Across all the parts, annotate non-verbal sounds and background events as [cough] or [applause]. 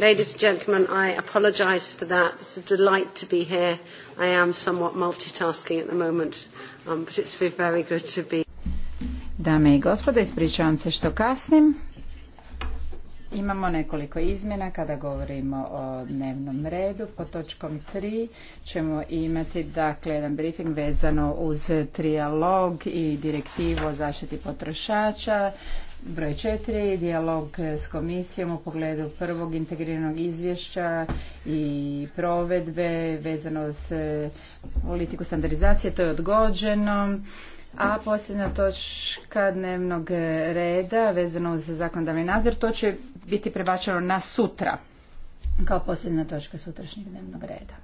Ladies and gentlemen, I apologise for that. It's a delight to be here. I am somewhat multitasking at the moment, um, but it's been very good to be. Dame i ispričavam se što kasnim. Imamo nekoliko izmjena kada govorimo o dnevnom redu. Po točkom 3 ćemo imati dakle jedan briefing vezano uz trijalog i direktivu o zaštiti potrošača. Broj četiri, dijalog s komisijom u pogledu prvog integriranog izvješća i provedbe vezano s e, politiku standardizacije, to je odgođeno. A posljedna točka dnevnog reda vezano uz zakonodavni nadzor, to će biti prebačeno na sutra, kao posljedna točka sutrašnjeg dnevnog reda.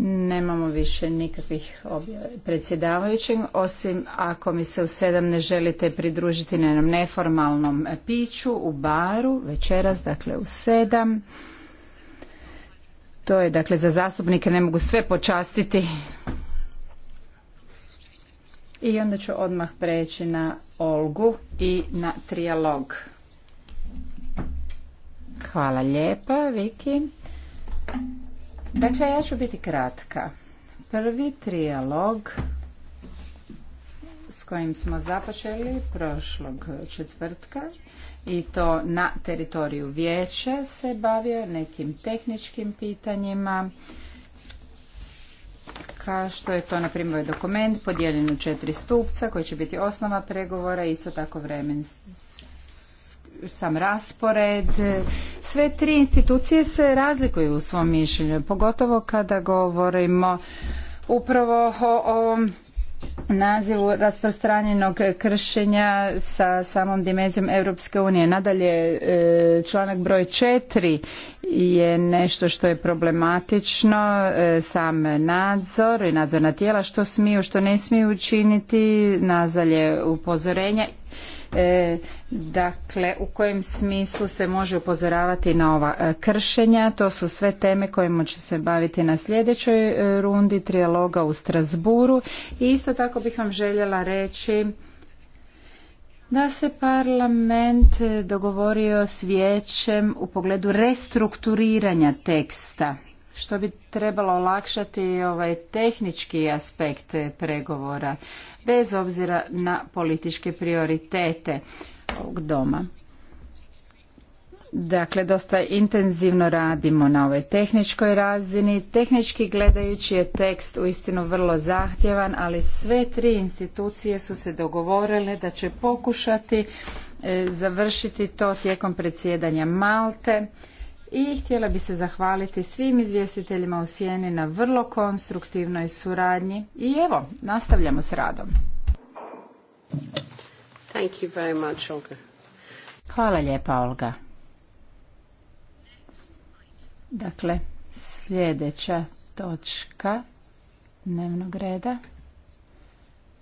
Nemamo više nikakvih predsjedavajućeg, osim ako mi se u sedam ne želite pridružiti na jednom neformalnom piću u baru večeras, dakle u sedam. To je dakle za zastupnike ne mogu sve počastiti. I onda ću odmah preći na Olgu i na trijalog. Hvala lijepa, Viki. Dakle, ja ću biti kratka. Prvi trijalog s kojim smo započeli prošlog četvrtka i to na teritoriju vijeća se bavio nekim tehničkim pitanjima kao što je to na primjer ovaj dokument podijeljen u četiri stupca koji će biti osnova pregovora i isto tako vremens sam raspored. Sve tri institucije se razlikuju u svom mišljenju, pogotovo kada govorimo upravo o ovom nazivu rasprostranjenog kršenja sa samom dimenzijom Europske unije. Nadalje, e, članak broj četiri je nešto što je problematično, e, sam nadzor i nadzorna tijela što smiju, što ne smiju učiniti, nazalje upozorenja E, dakle u kojem smislu se može upozoravati na ova e, kršenja. To su sve teme kojima će se baviti na sljedećoj e, rundi trijaloga u Strasburu. I isto tako bih vam željela reći da se parlament dogovorio s vijećem u pogledu restrukturiranja teksta što bi trebalo olakšati ovaj tehnički aspekt pregovora bez obzira na političke prioritete ovog doma. Dakle, dosta intenzivno radimo na ovoj tehničkoj razini. Tehnički gledajući je tekst uistinu vrlo zahtjevan, ali sve tri institucije su se dogovorile da će pokušati e, završiti to tijekom predsjedanja Malte i htjela bi se zahvaliti svim izvjestiteljima u Sjeni na vrlo konstruktivnoj suradnji i evo, nastavljamo s radom. Thank you very much, Olga. Hvala lijepa, Olga. Dakle, sljedeća točka dnevnog reda.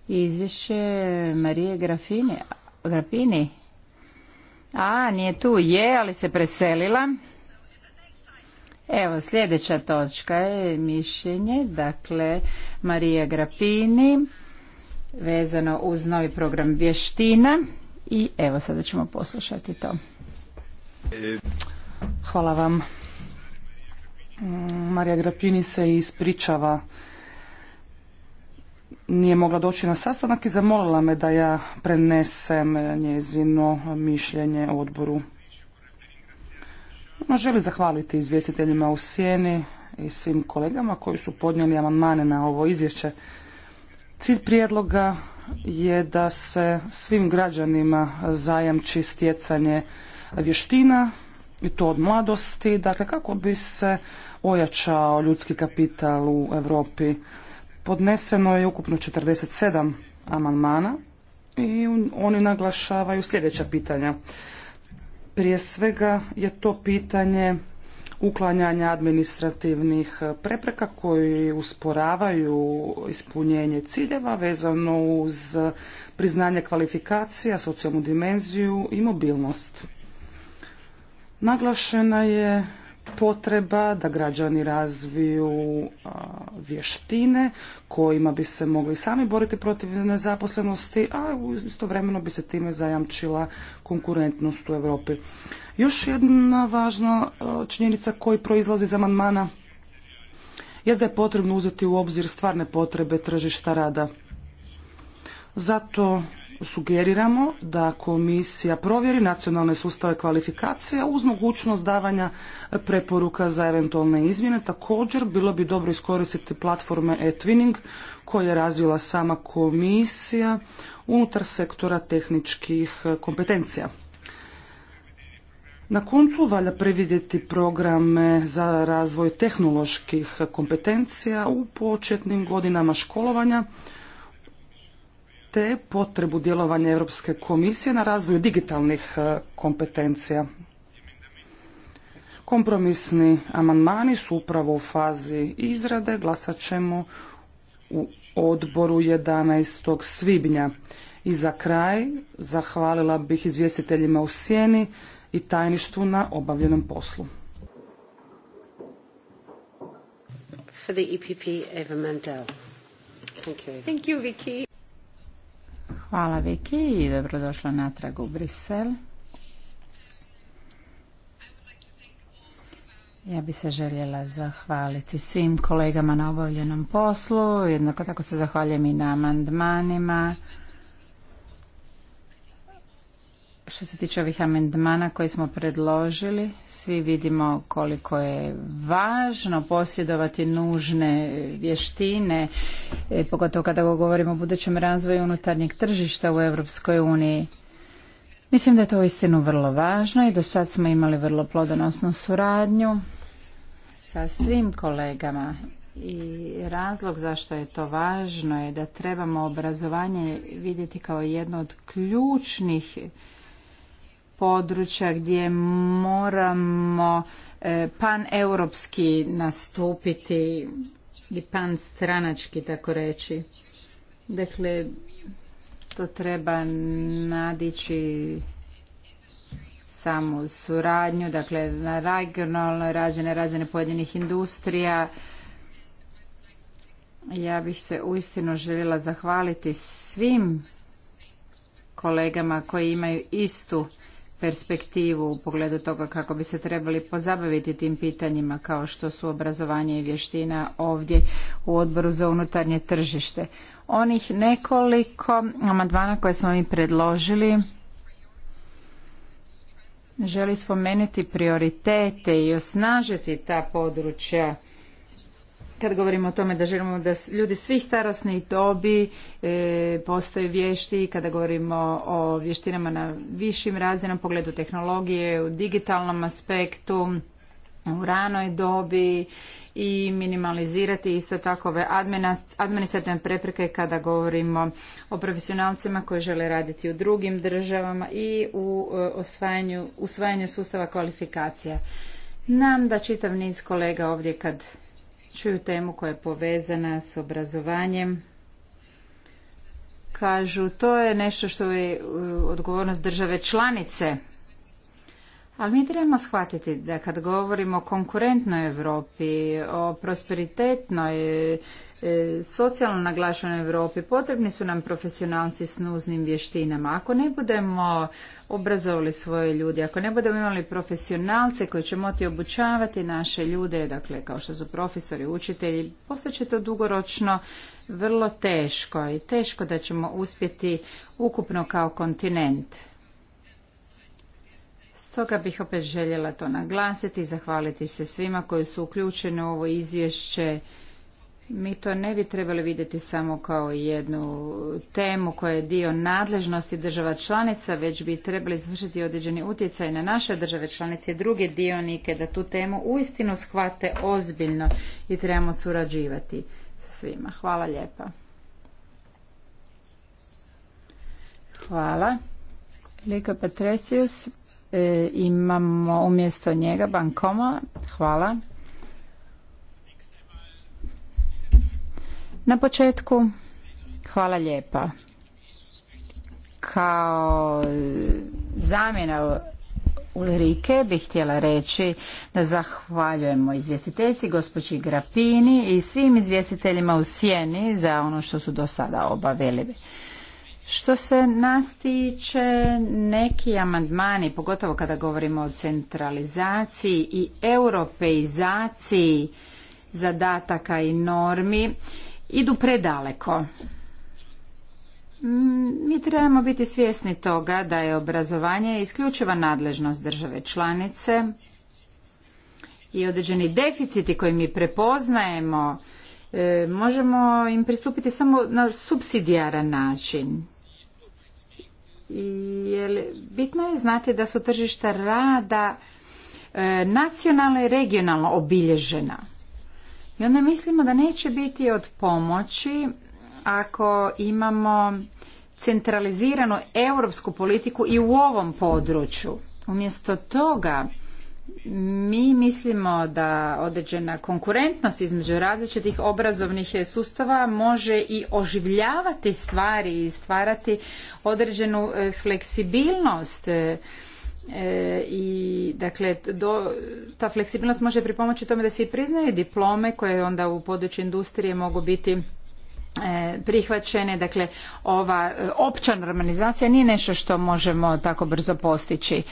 Izvješće Marije Grafini. Grafini. A, nije tu, je, ali se preselila. Evo, sljedeća točka je mišljenje, dakle, Marija Grapini, vezano uz novi program vještina i evo sada ćemo poslušati to. Hvala vam. Marija Grapini se ispričava. Nije mogla doći na sastanak i zamolila me da ja prenesem njezino mišljenje odboru. Želim zahvaliti izvjestiteljima u sjeni i svim kolegama koji su podnijeli amandmane na ovo izvješće. Cilj prijedloga je da se svim građanima zajamči stjecanje vještina i to od mladosti, dakle kako bi se ojačao ljudski kapital u Europi. Podneseno je ukupno 47 amandmana i oni naglašavaju sljedeća pitanja. Prije svega je to pitanje uklanjanja administrativnih prepreka koji usporavaju ispunjenje ciljeva vezano uz priznanje kvalifikacija, socijalnu dimenziju i mobilnost. Naglašena je potreba da građani razviju vještine kojima bi se mogli sami boriti protiv nezaposlenosti, a istovremeno bi se time zajamčila konkurentnost u Europi. Još jedna važna činjenica koji proizlazi iz amandmana je da je potrebno uzeti u obzir stvarne potrebe tržišta rada. Zato sugeriramo da komisija provjeri nacionalne sustave kvalifikacija uz mogućnost davanja preporuka za eventualne izmjene. Također, bilo bi dobro iskoristiti platforme e-twinning koje je razvila sama komisija unutar sektora tehničkih kompetencija. Na koncu valja previdjeti programe za razvoj tehnoloških kompetencija u početnim godinama školovanja te potrebu djelovanja Europske komisije na razvoju digitalnih e, kompetencija. Kompromisni amandmani su upravo u fazi izrade, glasat ćemo u odboru 11. svibnja. I za kraj zahvalila bih izvjestiteljima u sjeni i tajništvu na obavljenom poslu. E Thank you. Thank you, Vicky. Hvala Viki i dobrodošla natrag u Brisel. Ja bi se željela zahvaliti svim kolegama na obavljenom poslu, jednako tako se zahvaljujem i na amandmanima. Što se tiče ovih amendmana koje smo predložili, svi vidimo koliko je važno posjedovati nužne vještine, e, pogotovo kada govorimo o budućem razvoju unutarnjeg tržišta u Europskoj uniji. Mislim da je to istinu vrlo važno i do sad smo imali vrlo plodonosnu suradnju sa svim kolegama i razlog zašto je to važno je da trebamo obrazovanje vidjeti kao jedno od ključnih područja gdje moramo e, paneuropski nastupiti i stranački tako reći. Dakle, to treba nadići samu suradnju, dakle na regionalnoj razine, razine pojedinih industrija. Ja bih se uistinu željela zahvaliti svim kolegama koji imaju istu perspektivu u pogledu toga kako bi se trebali pozabaviti tim pitanjima kao što su obrazovanje i vještina ovdje u odboru za unutarnje tržište. Onih nekoliko amandmana koje smo mi predložili želi spomenuti prioritete i osnažiti ta područja kad govorimo o tome da želimo da ljudi svih starosnih dobi e, postaju vješti, kada govorimo o vještinama na višim razinama, pogledu tehnologije, u digitalnom aspektu, u ranoj dobi i minimalizirati isto takove ove administrativne prepreke kada govorimo o profesionalcima koji žele raditi u drugim državama i u e, osvajanju, usvajanju sustava kvalifikacija. Nam da čitav niz kolega ovdje kad čuju temu koja je povezana s obrazovanjem kažu to je nešto što je odgovornost države članice ali mi trebamo shvatiti da kad govorimo o konkurentnoj Europi, o prosperitetnoj, e, socijalno naglašenoj Europi, potrebni su nam profesionalci s nuznim vještinama. Ako ne budemo obrazovali svoje ljude, ako ne budemo imali profesionalce koji će moći obučavati naše ljude, dakle kao što su profesori, učitelji, postaće to dugoročno vrlo teško i teško da ćemo uspjeti ukupno kao kontinent. Stoga bih opet željela to naglasiti i zahvaliti se svima koji su uključeni u ovo izvješće. Mi to ne bi trebali vidjeti samo kao jednu temu koja je dio nadležnosti država članica, već bi trebali izvršiti određeni utjecaj na naše države članice i druge dionike da tu temu uistinu shvate ozbiljno i trebamo surađivati sa svima. Hvala lijepa. Hvala. Lika Patresius. E, imamo umjesto njega bankoma. Hvala. Na početku, hvala lijepa. Kao zamjena Ulrike bih htjela reći da zahvaljujemo izvjestiteljici gospođi Grapini i svim izvjestiteljima u Sjeni za ono što su do sada obavili. Što se nas tiče, neki amandmani, pogotovo kada govorimo o centralizaciji i europeizaciji zadataka i normi, idu predaleko. Mm, mi trebamo biti svjesni toga da je obrazovanje isključiva nadležnost države članice i određeni deficiti koji mi prepoznajemo e, možemo im pristupiti samo na subsidijaran način. Jel bitno je znati da su tržišta rada e, nacionalno i regionalno obilježena. I onda mislimo da neće biti od pomoći ako imamo centraliziranu europsku politiku i u ovom području. Umjesto toga mi mislimo da određena konkurentnost između različitih obrazovnih sustava može i oživljavati stvari i stvarati određenu e, fleksibilnost e, e, i dakle ta fleksibilnost može pripomoći tome da se i priznaju diplome koje onda u području industrije mogu biti prihvaćene, dakle ova opća normalizacija nije nešto što možemo tako brzo postići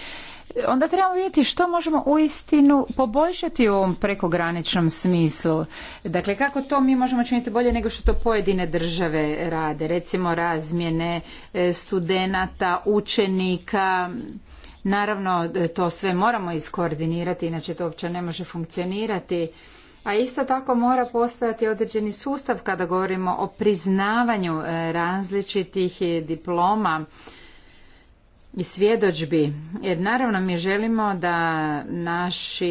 onda trebamo vidjeti što možemo uistinu poboljšati u ovom prekograničnom smislu. Dakle, kako to mi možemo činiti bolje nego što to pojedine države rade, recimo razmjene e, studenata, učenika, Naravno, to sve moramo iskoordinirati, inače to uopće ne može funkcionirati. A isto tako mora postojati određeni sustav kada govorimo o priznavanju e, različitih e, diploma i svjedočbi jer naravno mi želimo da naši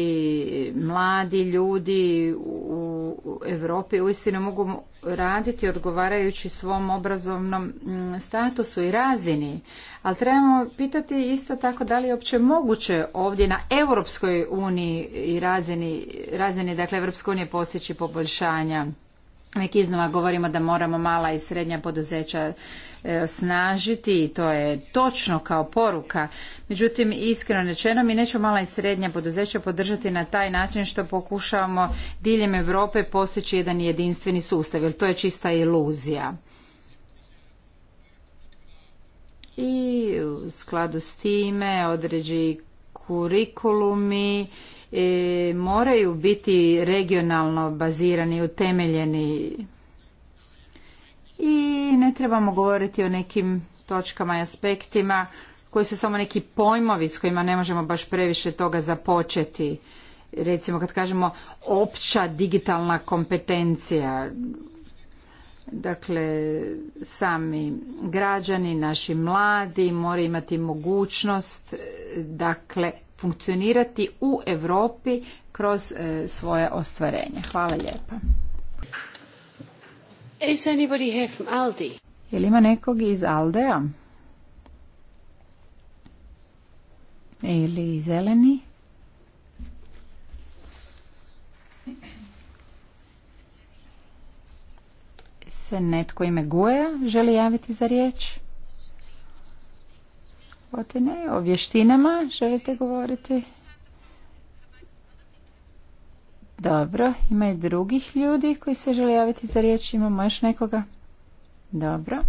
mladi ljudi u Europi uistinu mogu raditi odgovarajući svom obrazovnom mm, statusu i razini ali trebamo pitati isto tako da li je opće moguće ovdje na Europskoj uniji i razini, razini dakle Europske unije postići poboljšanja Uvijek iznova govorimo da moramo mala i srednja poduzeća e, snažiti i to je točno kao poruka. Međutim, iskreno rečeno, mi nećemo mala i srednja poduzeća podržati na taj način što pokušavamo diljem Europe postići jedan jedinstveni sustav, jer to je čista iluzija. I u skladu s time određi kurikulumi e, moraju biti regionalno bazirani, utemeljeni i ne trebamo govoriti o nekim točkama i aspektima koji su samo neki pojmovi s kojima ne možemo baš previše toga započeti recimo kad kažemo opća digitalna kompetencija Dakle, sami građani, naši mladi moraju imati mogućnost e, dakle, funkcionirati u Europi kroz e, svoje ostvarenje. Hvala lijepa. Is anybody here from Aldi? Je li ima nekog iz Aldea? Ili zeleni? se netko ime Guja želi javiti za riječ? Otine, o vještinama želite govoriti? Dobro, ima i drugih ljudi koji se želi javiti za riječ. Imamo još nekoga? Dobro.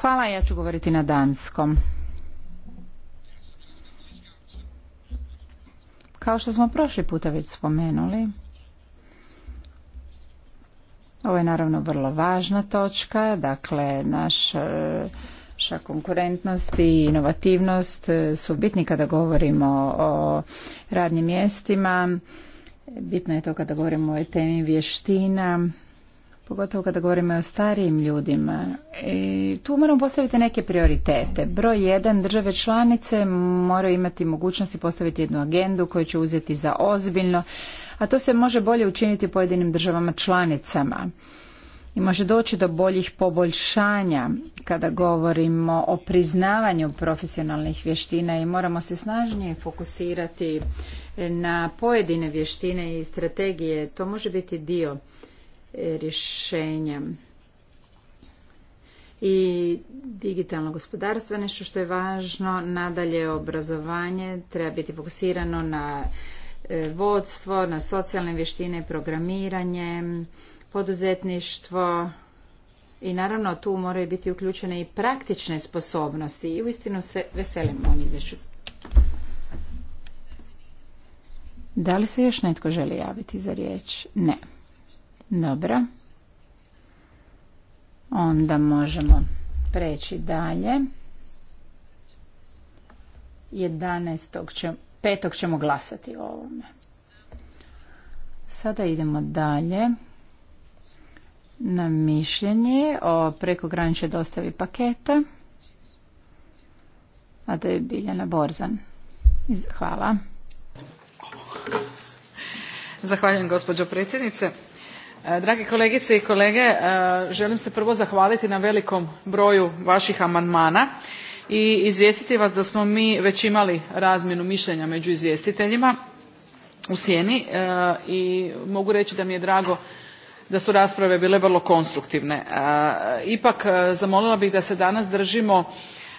Hvala, ja ću govoriti na danskom. Kao što smo prošli puta već spomenuli, ovo je naravno vrlo važna točka, dakle naša konkurentnost i inovativnost su bitni kada govorimo o radnim mjestima. Bitno je to kada govorimo o temi vještina, pogotovo kada govorimo o starijim ljudima. I tu moramo postaviti neke prioritete. Broj jedan, države članice moraju imati mogućnosti postaviti jednu agendu koju će uzeti za ozbiljno, a to se može bolje učiniti pojedinim državama članicama. I može doći do boljih poboljšanja kada govorimo o priznavanju profesionalnih vještina i moramo se snažnije fokusirati na pojedine vještine i strategije. To može biti dio rješenja. I digitalno gospodarstvo je nešto što je važno. Nadalje, obrazovanje treba biti fokusirano na e, vodstvo, na socijalne vještine, programiranje, poduzetništvo i naravno tu moraju biti uključene i praktične sposobnosti i uistinu se veselim ovom izvješću. Da li se još netko želi javiti za riječ? Ne. Dobro. Onda možemo preći dalje. 11. petog ćemo glasati o ovome. Sada idemo dalje na mišljenje o prekograničnoj dostavi paketa. A to je Biljana Borzan. Hvala. Zahvaljujem gospođo predsjednice E, drage kolegice i kolege, e, želim se prvo zahvaliti na velikom broju vaših amandmana i izvijestiti vas da smo mi već imali razmjenu mišljenja među izvjestiteljima u sjeni e, i mogu reći da mi je drago da su rasprave bile vrlo konstruktivne. Ipak zamolila bih da se danas držimo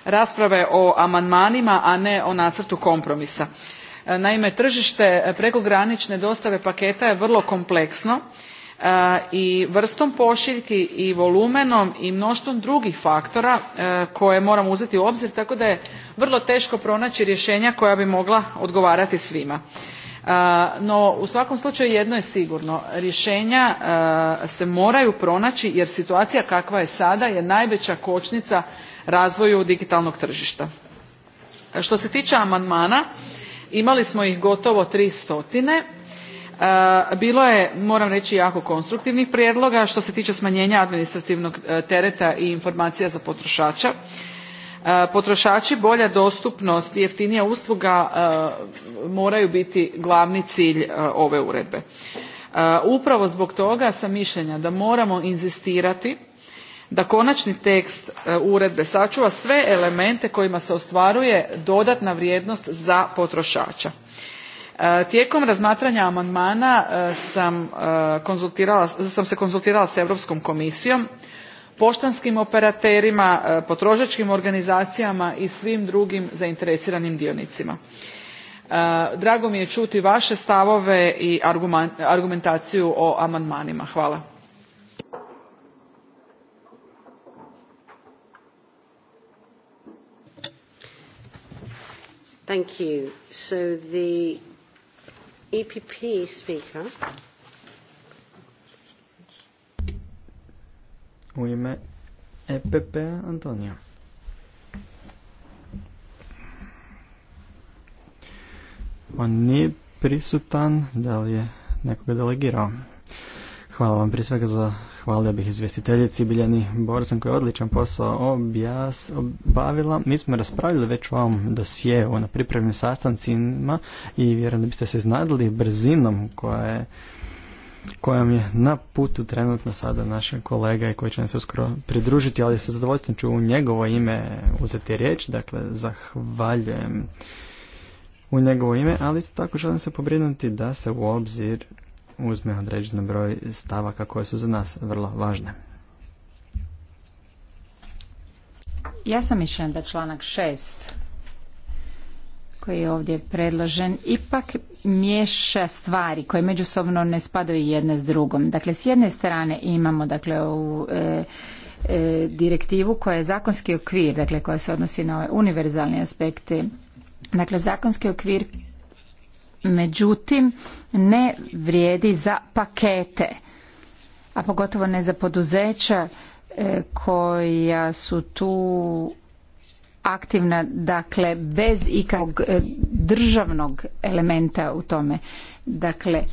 rasprave o amandmanima, a ne o nacrtu kompromisa. Naime, tržište prekogranične dostave paketa je vrlo kompleksno E, i vrstom pošiljki i volumenom i mnoštvom drugih faktora e, koje moramo uzeti u obzir tako da je vrlo teško pronaći rješenja koja bi mogla odgovarati svima. E, no, u svakom slučaju jedno je sigurno, rješenja se moraju pronaći jer situacija kakva je sada je najveća kočnica razvoju digitalnog tržišta. Što se tiče amandmana, imali smo ih gotovo tri stotine E, bilo je, moram reći, jako konstruktivnih prijedloga što se tiče smanjenja administrativnog e, tereta i informacija za potrošača. E, potrošači bolja dostupnost i jeftinija usluga moraju biti glavni cilj ove uredbe. Upravo zbog toga sam mišljenja da moramo inzistirati da konačni tekst uredbe sačuva sve elemente kojima se ostvaruje dodatna vrijednost za potrošača. E, tijekom razmatranja amandmana e, sam, e, sam se konzultirala s Europskom komisijom, poštanskim operaterima, potrošačkim organizacijama i svim drugim zainteresiranim dionicima. Drago mi je čuti vaše stavove i argumentaciju o amandmanima. Hvala. EPP speaker. U ime EPP Antonija. On nije prisutan, da li je nekoga delegirao? Hvala vam prije svega za zahvalio bih izvjestiteljici Biljani Borzan koja je odličan posao objas, obavila. Mi smo raspravljali već o ovom dosijevu na pripremnim sastancima i vjerujem da biste se znadili brzinom koja je kojom je na putu trenutno sada naša kolega i koji će nam se uskoro pridružiti, ali sa zadovoljstvom ću u njegovo ime uzeti riječ, dakle zahvaljujem u njegovo ime, ali isto tako želim se pobrinuti da se u obzir uzme određen broj stavaka koje su za nas vrlo važne. Ja sam mišljen da članak 6 koji je ovdje predložen ipak miješa stvari koje međusobno ne spadaju jedne s drugom. Dakle, s jedne strane imamo dakle ovu e, e, direktivu koja je zakonski okvir, dakle koja se odnosi na ove univerzalne aspekte. Dakle, zakonski okvir međutim ne vrijedi za pakete, a pogotovo ne za poduzeća e, koja su tu aktivna, dakle, bez ikakvog e, državnog elementa u tome. Dakle,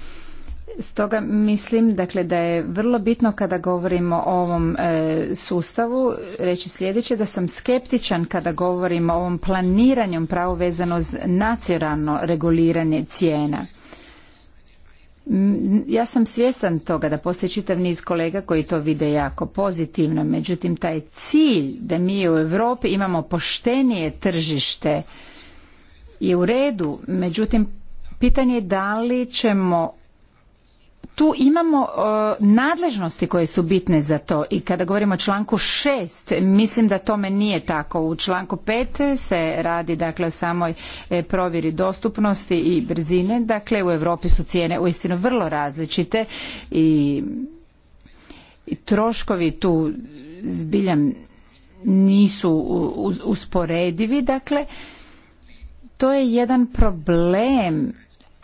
Stoga mislim dakle da je vrlo bitno kada govorimo o ovom e, sustavu reći sljedeće da sam skeptičan kada govorimo o ovom planiranju pravo vezano uz nacionalno reguliranje cijena. Ja sam svjestan toga da postoji čitav niz kolega koji to vide jako pozitivno, međutim taj cilj da mi u Europi imamo poštenije tržište je u redu, međutim pitanje je da li ćemo tu imamo e, nadležnosti koje su bitne za to i kada govorimo o članku 6 mislim da tome nije tako u članku 5 se radi dakle o samoj e, provjeri dostupnosti i brzine dakle u Europi su cijene uistinu vrlo različite i, i troškovi tu zbiljam nisu usporedivi dakle to je jedan problem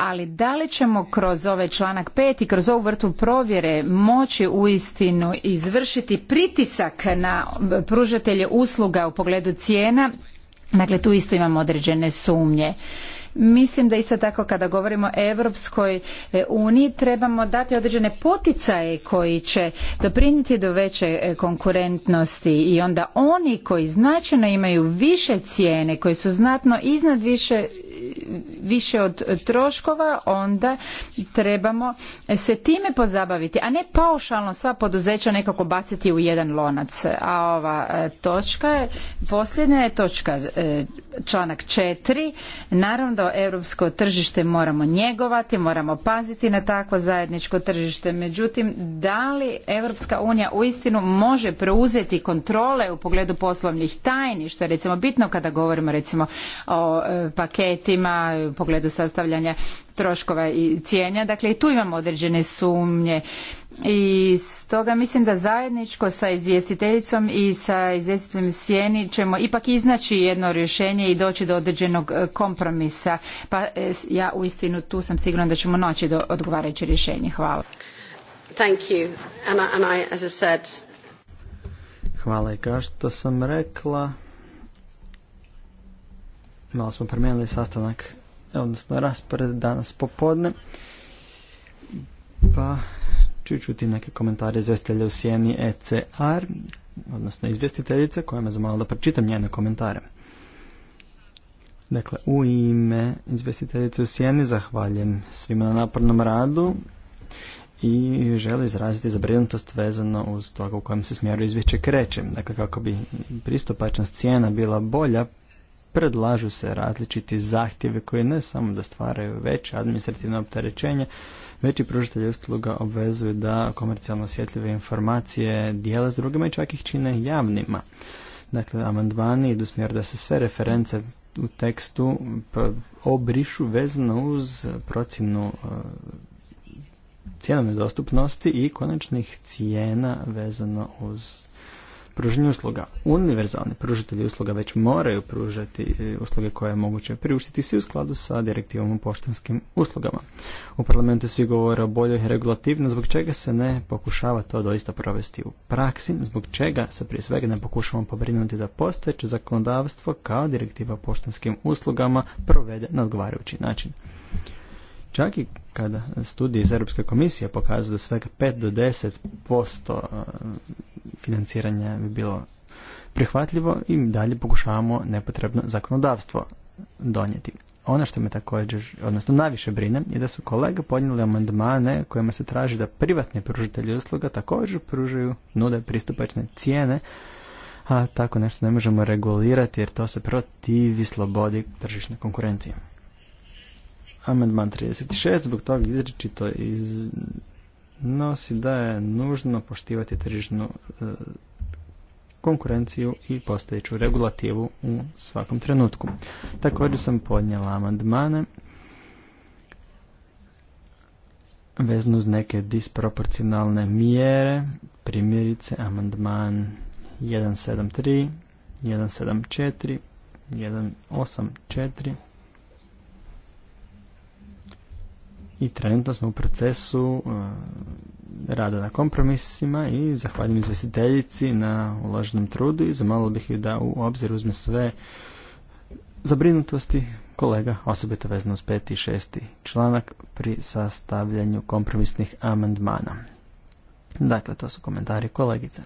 ali da li ćemo kroz ovaj članak 5 i kroz ovu vrtu provjere moći uistinu izvršiti pritisak na pružatelje usluga u pogledu cijena, dakle tu isto imamo određene sumnje. Mislim da isto tako kada govorimo o Europskoj e, uniji trebamo dati određene poticaje koji će doprinijeti do veće e, konkurentnosti i onda oni koji značajno imaju više cijene, koji su znatno iznad više više od troškova, onda trebamo se time pozabaviti, a ne paušalno sva poduzeća nekako baciti u jedan lonac. A ova e, točka, je posljednja je točka e, članak četiri. Naravno da europsko tržište moramo njegovati, moramo paziti na takvo zajedničko tržište. Međutim, da li Europska unija uistinu može preuzeti kontrole u pogledu poslovnih tajni, što je recimo bitno kada govorimo recimo o e, paketima ima u pogledu sastavljanja troškova i cijenja. Dakle, i tu imamo određene sumnje. I stoga mislim da zajedničko sa izvjestiteljicom i sa izvjestiteljem Sjeni ćemo ipak iznaći jedno rješenje i doći do određenog e, kompromisa. Pa e, ja uistinu tu sam sigurna da ćemo naći do odgovarajuće rješenje. Hvala. Hvala i kao što sam rekla, malo smo promijenili sastanak, odnosno raspored danas popodne, pa ću čuti neke komentare izvjestitelja u sjeni ECR, odnosno izvjestiteljice koja me zamala da pročitam njene komentare. Dakle, u ime izvjestiteljice u sjeni zahvaljujem svima na napornom radu i želi izraziti zabrinutost vezano uz toga u kojem se smjeru izvješće kreće. Dakle, kako bi pristupačnost cijena bila bolja, predlažu se različiti zahtjevi koji ne samo da stvaraju veće administrativno opterećenje, već i pružitelji usluga obvezuju da komercijalno osjetljive informacije dijela s drugima i čak ih čine javnima. Dakle, amandmani idu smjer da se sve reference u tekstu obrišu vezano uz procjenu e, cijenovne dostupnosti i konačnih cijena vezano uz pružanje usluga. Univerzalni pružatelji usluga već moraju pružati e, usluge koje je moguće priuštiti svi u skladu sa direktivom o poštanskim uslugama. U parlamentu svi govore o boljoj regulativno zbog čega se ne pokušava to doista provesti u praksi, zbog čega se prije svega ne pokušavamo pobrinuti da postojeće zakonodavstvo kao direktiva o poštanskim uslugama provede na odgovarajući način. Čak i kada studije iz Europske komisije pokazuju da svega 5 do 10% e, financiranja bi bilo prihvatljivo i dalje pokušavamo nepotrebno zakonodavstvo donijeti. Ono što me također, odnosno najviše brine, je da su kolege podnijeli amandmane kojima se traži da privatni pružitelji usluga također pružaju nude pristupačne cijene, a tako nešto ne možemo regulirati jer to se protivi slobodi tržišne konkurencije. Amendman 36 zbog toga izričito iznosi da je nužno poštivati tržišnu e, konkurenciju i postojeću regulativu u svakom trenutku. Također sam podnijela amandmane vezno uz neke disproporcionalne mjere, primjerice amandman 173, 174, 184, i trenutno smo u procesu e, rada na kompromisima i zahvaljujem izvjestiteljici na uloženom trudu i zamalo bih ju da u obzir uzme sve zabrinutosti kolega, osobito vezano uz peti i šesti članak pri sastavljanju kompromisnih amandmana. Dakle, to su komentari kolegice.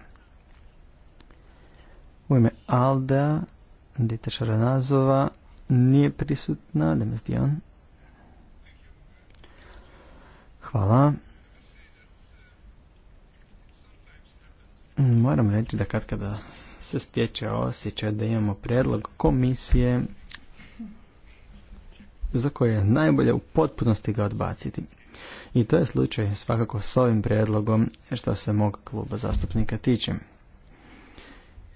U ime Aldea, Dita Šaranazova, nije prisutna, on, Hvala. Moram reći da kad kada se stječe osjećaj da imamo predlog komisije za koje je najbolje u potpunosti ga odbaciti. I to je slučaj svakako s ovim prijedlogom što se mog kluba zastupnika tiče.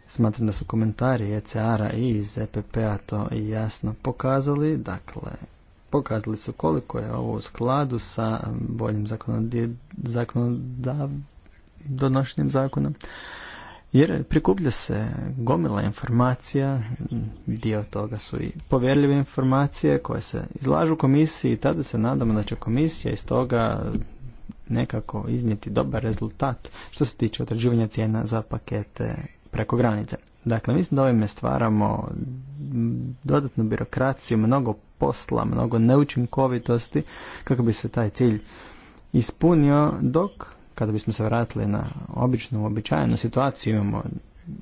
Smatram da su komentari ECR-a i iz EPP-a to jasno pokazali, dakle pokazali su koliko je ovo u skladu sa boljim zakonodav donošenjem zakona. Jer prikuplja se gomila informacija, dio toga su i povjerljive informacije koje se izlažu komisiji i tada se nadamo da će komisija iz toga nekako iznijeti dobar rezultat što se tiče određivanja cijena za pakete preko granice. Dakle, mislim da ovime stvaramo dodatnu birokraciju, mnogo posla, mnogo neučinkovitosti kako bi se taj cilj ispunio dok kada bismo se vratili na običnu, uobičajenu situaciju, imamo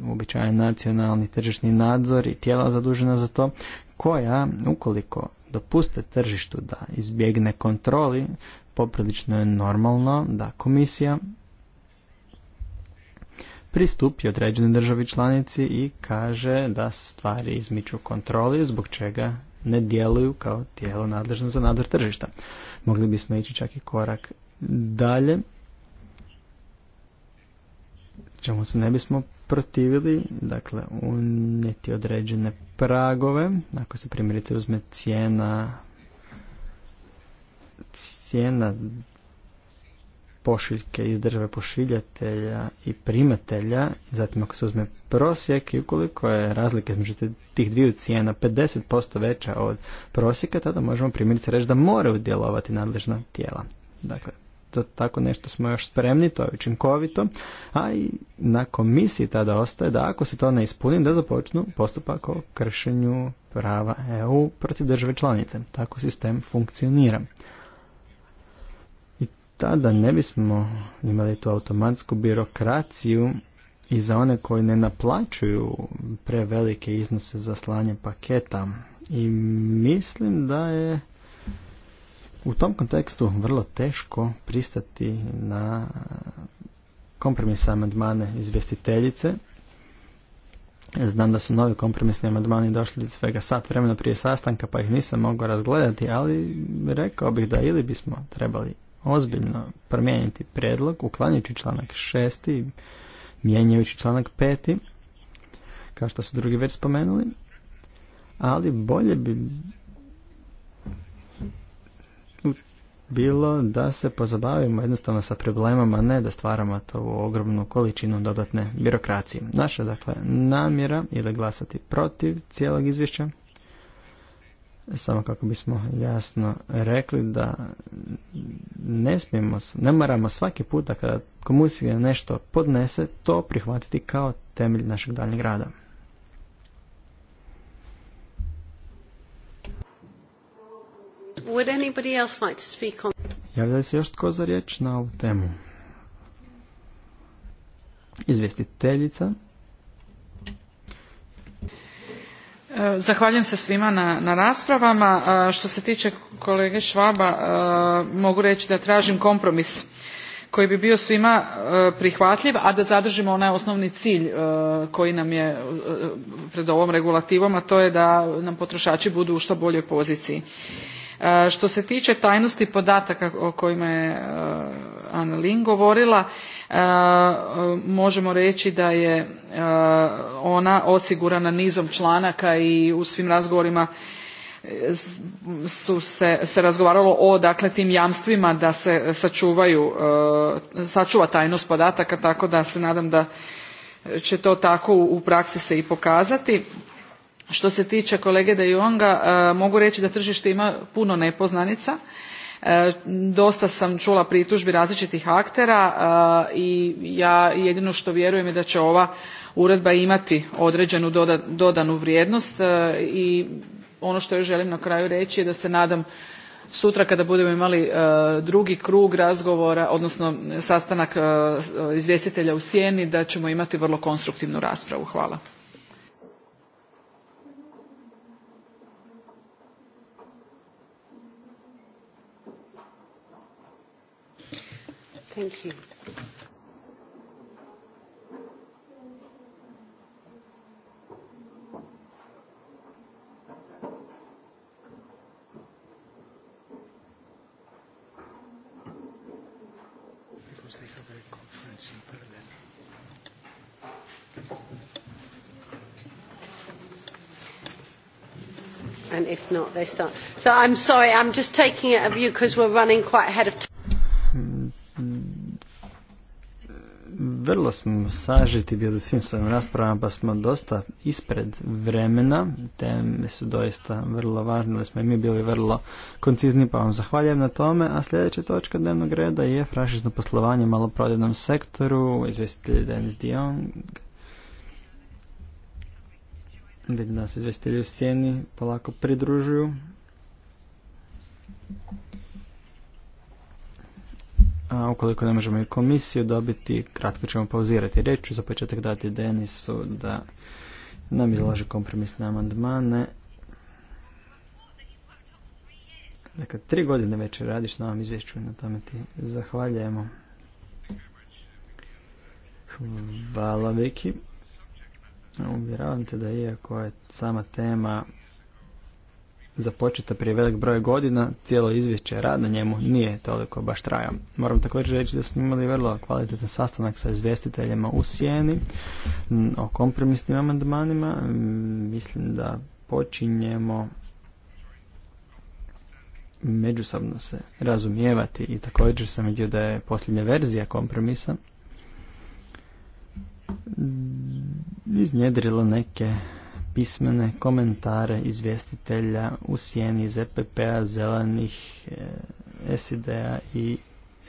uobičajen nacionalni tržišni nadzor i tijela zadužena za to, koja, ukoliko dopuste tržištu da izbjegne kontroli, poprilično je normalno da komisija pristupi određenoj državi članici i kaže da stvari izmiču kontroli, zbog čega ne djeluju kao tijelo nadležno za nadzor tržišta. Mogli bismo ići čak i korak dalje, čemu se ne bismo protivili, dakle unijeti određene pragove, ako se primjerice uzme cijena cijena pošiljke iz države pošiljatelja i primatelja, zatim ako se uzme prosjek i ukoliko je razlika između tih dviju cijena 50% veća od prosjeka, tada možemo primjerice reći da moraju djelovati nadležna tijela. Dakle, za tako nešto smo još spremni, to je učinkovito, a i na komisiji tada ostaje da ako se to ne ispuni, da započnu postupak o kršenju prava EU protiv države članice. Tako sistem funkcionira tada ne bismo imali tu automatsku birokraciju i za one koji ne naplaćuju prevelike iznose za slanje paketa. I mislim da je u tom kontekstu vrlo teško pristati na kompromisne amandmane izvjestiteljice. Znam da su novi kompromisni amandmani došli svega sat vremena prije sastanka pa ih nisam mogao razgledati, ali rekao bih da ili bismo trebali ozbiljno promijeniti predlog, uklanjući članak i mijenjajući članak 5. kao što su drugi već spomenuli, ali bolje bi bilo da se pozabavimo jednostavno sa problemama, ne da stvaramo to u ogromnu količinu dodatne birokracije. Naša dakle namjera je da glasati protiv cijelog izvješća, samo kako bismo jasno rekli da ne smijemo, ne moramo svaki puta kada komunicija nešto podnese to prihvatiti kao temelj našeg daljnjeg rada. Would anybody else li se još tko za riječ na ovu temu? Izvjestiteljica. Zahvaljujem se svima na, na raspravama. Što se tiče kolege Švaba, mogu reći da tražim kompromis koji bi bio svima prihvatljiv, a da zadržimo onaj osnovni cilj koji nam je pred ovom regulativom, a to je da nam potrošači budu u što boljoj poziciji. E, što se tiče tajnosti podataka o kojima je e, Ana Lin govorila, e, možemo reći da je ona osigurana nizom članaka i u svim razgovorima su se, se razgovaralo o dakle tim jamstvima da se sačuvaju, sačuva tajnost podataka tako da se nadam da će to tako u praksi se i pokazati. Što se tiče kolege De Jonga, e, mogu reći da tržište ima puno nepoznanica. E, dosta sam čula pritužbi različitih aktera e, i ja jedino što vjerujem je da će ova uredba imati određenu dodanu vrijednost i ono što još želim na kraju reći je da se nadam sutra kada budemo imali drugi krug razgovora, odnosno sastanak izvjestitelja u sjeni da ćemo imati vrlo konstruktivnu raspravu. Hvala. Thank you. and if not they start. So I'm sorry, I'm just taking it of you because we're running quite ahead of time. pokušali smo sažiti u svim svojim raspravama pa smo dosta ispred vremena. Teme su doista vrlo važne, da smo i mi bili vrlo koncizni pa vam zahvaljujem na tome. A sljedeća točka dnevnog reda je frašizno poslovanje maloprodajnom sektoru, izvestitelj Denis Dion. Vidim da se izvestitelji u sjeni polako pridružuju. A ukoliko ne možemo i komisiju dobiti, kratko ćemo pauzirati riječ. Za početak dati Denisu da nam izlaže kompromisne amandmane. Dakle, tri godine već radiš na ovom izvješću i na tome ti zahvaljujemo. Hvala, Viki. Uvjeravam te da iako je sama tema započeta prije velik broj godina, cijelo izvješće rad na njemu nije toliko baš trajao. Moram također reći da smo imali vrlo kvalitetan sastanak sa izvjestiteljima u Sijeni o kompromisnim amandmanima. Mislim da počinjemo međusobno se razumijevati i također sam vidio da je posljednja verzija kompromisa iznjedrila neke pismene komentare izvjestitelja u sjeni iz EPP-a, zelenih e, SID-a i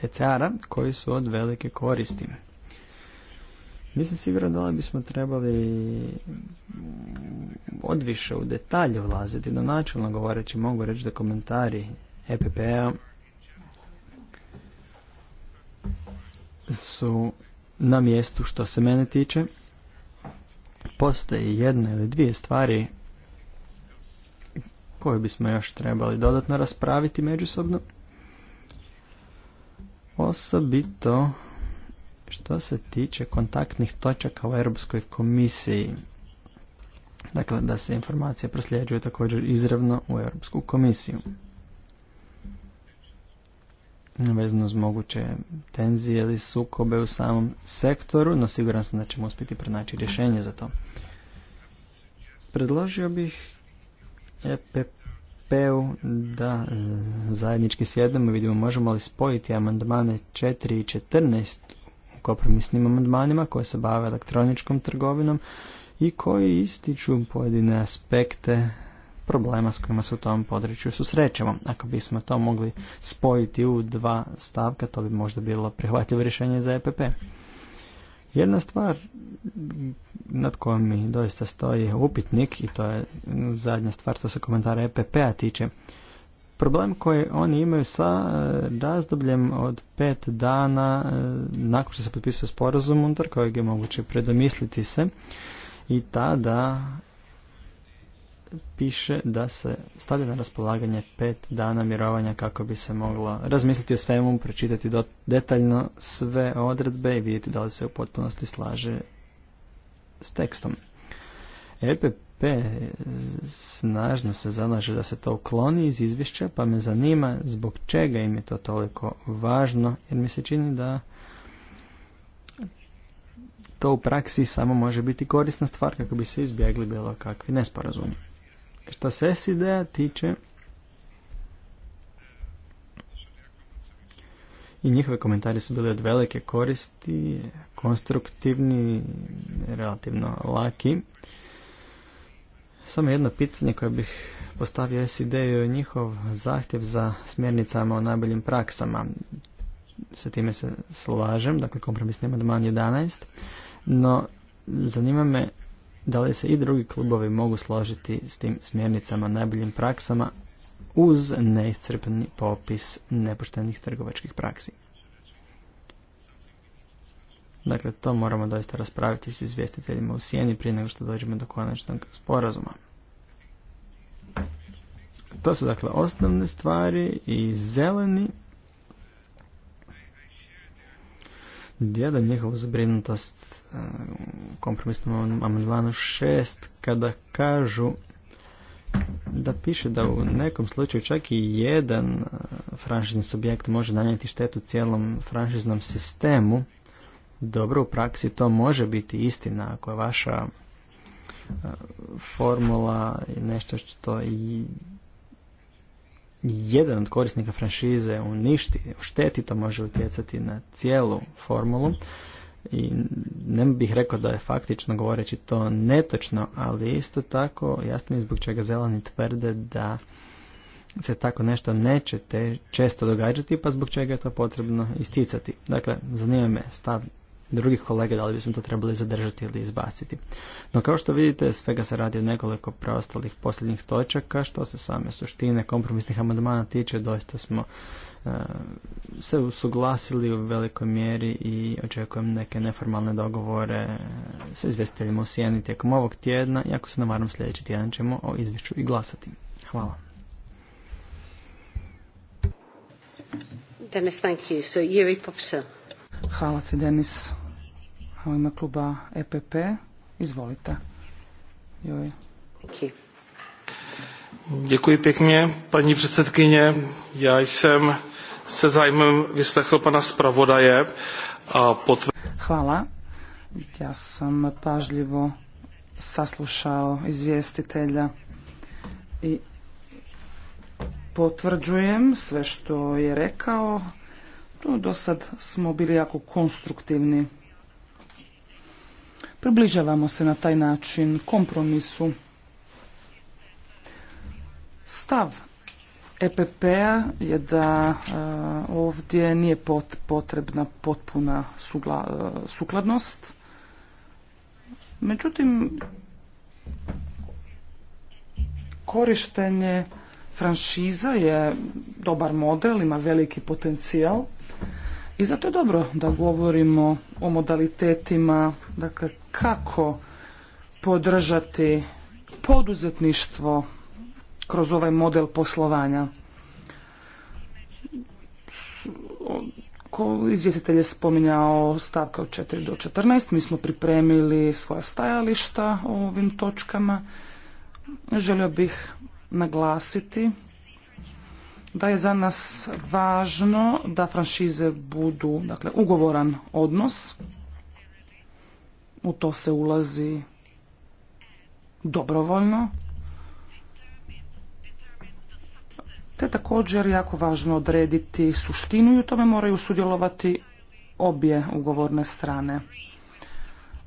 ECR-a koji su od velike koristi. Nisam sigurno da li bismo trebali odviše u detalje vlaziti, no načelno govoreći mogu reći da komentari EPP-a su na mjestu što se mene tiče postoji jedna ili dvije stvari koje bismo još trebali dodatno raspraviti međusobno. Osobito što se tiče kontaktnih točaka u Europskoj komisiji. Dakle, da se informacija prosljeđuje također izravno u Europsku komisiju. Vezano uz moguće tenzije ili sukobe u samom sektoru, no siguran sam da ćemo uspjeti pronaći rješenje za to. Predložio bih EPP-u da zajednički sjednemo i vidimo možemo li spojiti amandmane 4 i 14 u kompromisnim amandmanima koje se bave elektroničkom trgovinom i koji ističu pojedine aspekte problema s kojima se u tom području susrećemo. Ako bismo to mogli spojiti u dva stavka, to bi možda bilo prihvatljivo rješenje za EPP. Jedna stvar nad kojom mi doista stoji upitnik i to je zadnja stvar što se komentara EPP-a tiče. Problem koji oni imaju sa eh, razdobljem od pet dana eh, nakon što se potpisuje sporazum unutar kojeg je moguće predomisliti se i tada piše da se stavlja na raspolaganje pet dana mirovanja kako bi se moglo razmisliti o svemu, pročitati do, detaljno sve odredbe i vidjeti da li se u potpunosti slaže s tekstom. EPP snažno se zalaže da se to ukloni iz izvješća, pa me zanima zbog čega im je to toliko važno, jer mi se čini da to u praksi samo može biti korisna stvar kako bi se izbjegli bilo kakvi nesporazumi. Što se SID-a tiče i njihove komentari su bili od velike koristi, konstruktivni, relativno laki. Samo jedno pitanje koje bih postavio SID je njihov zahtjev za smjernicama o najboljim praksama. Sa time se slažem, dakle kompromisni amandman 11, no zanima me da li se i drugi klubovi mogu složiti s tim smjernicama, najboljim praksama uz neiscrpni popis nepoštenih trgovačkih praksi. Dakle, to moramo doista raspraviti s izvjestiteljima u sjeni prije nego što dođemo do konačnog sporazuma. To su dakle osnovne stvari i zeleni dijelim njihovu zabrinutost kompromisnom amandmanu 6 kada kažu da piše da u nekom slučaju čak i jedan e, franšizni subjekt može nanijeti štetu cijelom franšiznom sistemu. Dobro, u praksi to može biti istina ako je vaša e, formula nešto što i jedan od korisnika franšize uništi, šteti, to može utjecati na cijelu formulu i ne bih rekao da je faktično govoreći to netočno, ali isto tako jasno je zbog čega zeleni tvrde da se tako nešto neće te često događati, pa zbog čega je to potrebno isticati. Dakle, zanima me stav drugih kolega da li bismo to trebali zadržati ili izbaciti. No kao što vidite, svega se radi o nekoliko preostalih posljednjih točaka, što se same suštine kompromisnih amandmana tiče, doista smo E, se usuglasili u velikoj mjeri i očekujem neke neformalne dogovore e, sa izvjestiteljima u Sijeni tijekom ovog tjedna i ako se navaram sljedeći tjedan ćemo o izvješću i glasati. Hvala. Dennis, thank you. So, Yuri Hvala ti, Denis. U ime kluba EPP, izvolite. Joj. Děkuji pěkně, paní předsedkyně. Já jsem se zájmem vyslechl pana zpravodaje. a Hvala. Ja sam pažljivo saslušao izvjestitelja i potvrđujem sve što je rekao. Do sad smo bili jako konstruktivni. Približavamo se na taj način kompromisu. Stav EPP-a je da e, ovdje nije potrebna potpuna e, sukladnost. Međutim, korištenje franšiza je dobar model, ima veliki potencijal i zato je dobro da govorimo o modalitetima, dakle kako podržati poduzetništvo kroz ovaj model poslovanja. Izvjestitelj je spominjao stavka od 4 do 14. Mi smo pripremili svoja stajališta o ovim točkama. Želio bih naglasiti da je za nas važno da franšize budu dakle, ugovoran odnos. U to se ulazi dobrovoljno. te također jako važno odrediti suštinu i u tome moraju sudjelovati obje ugovorne strane.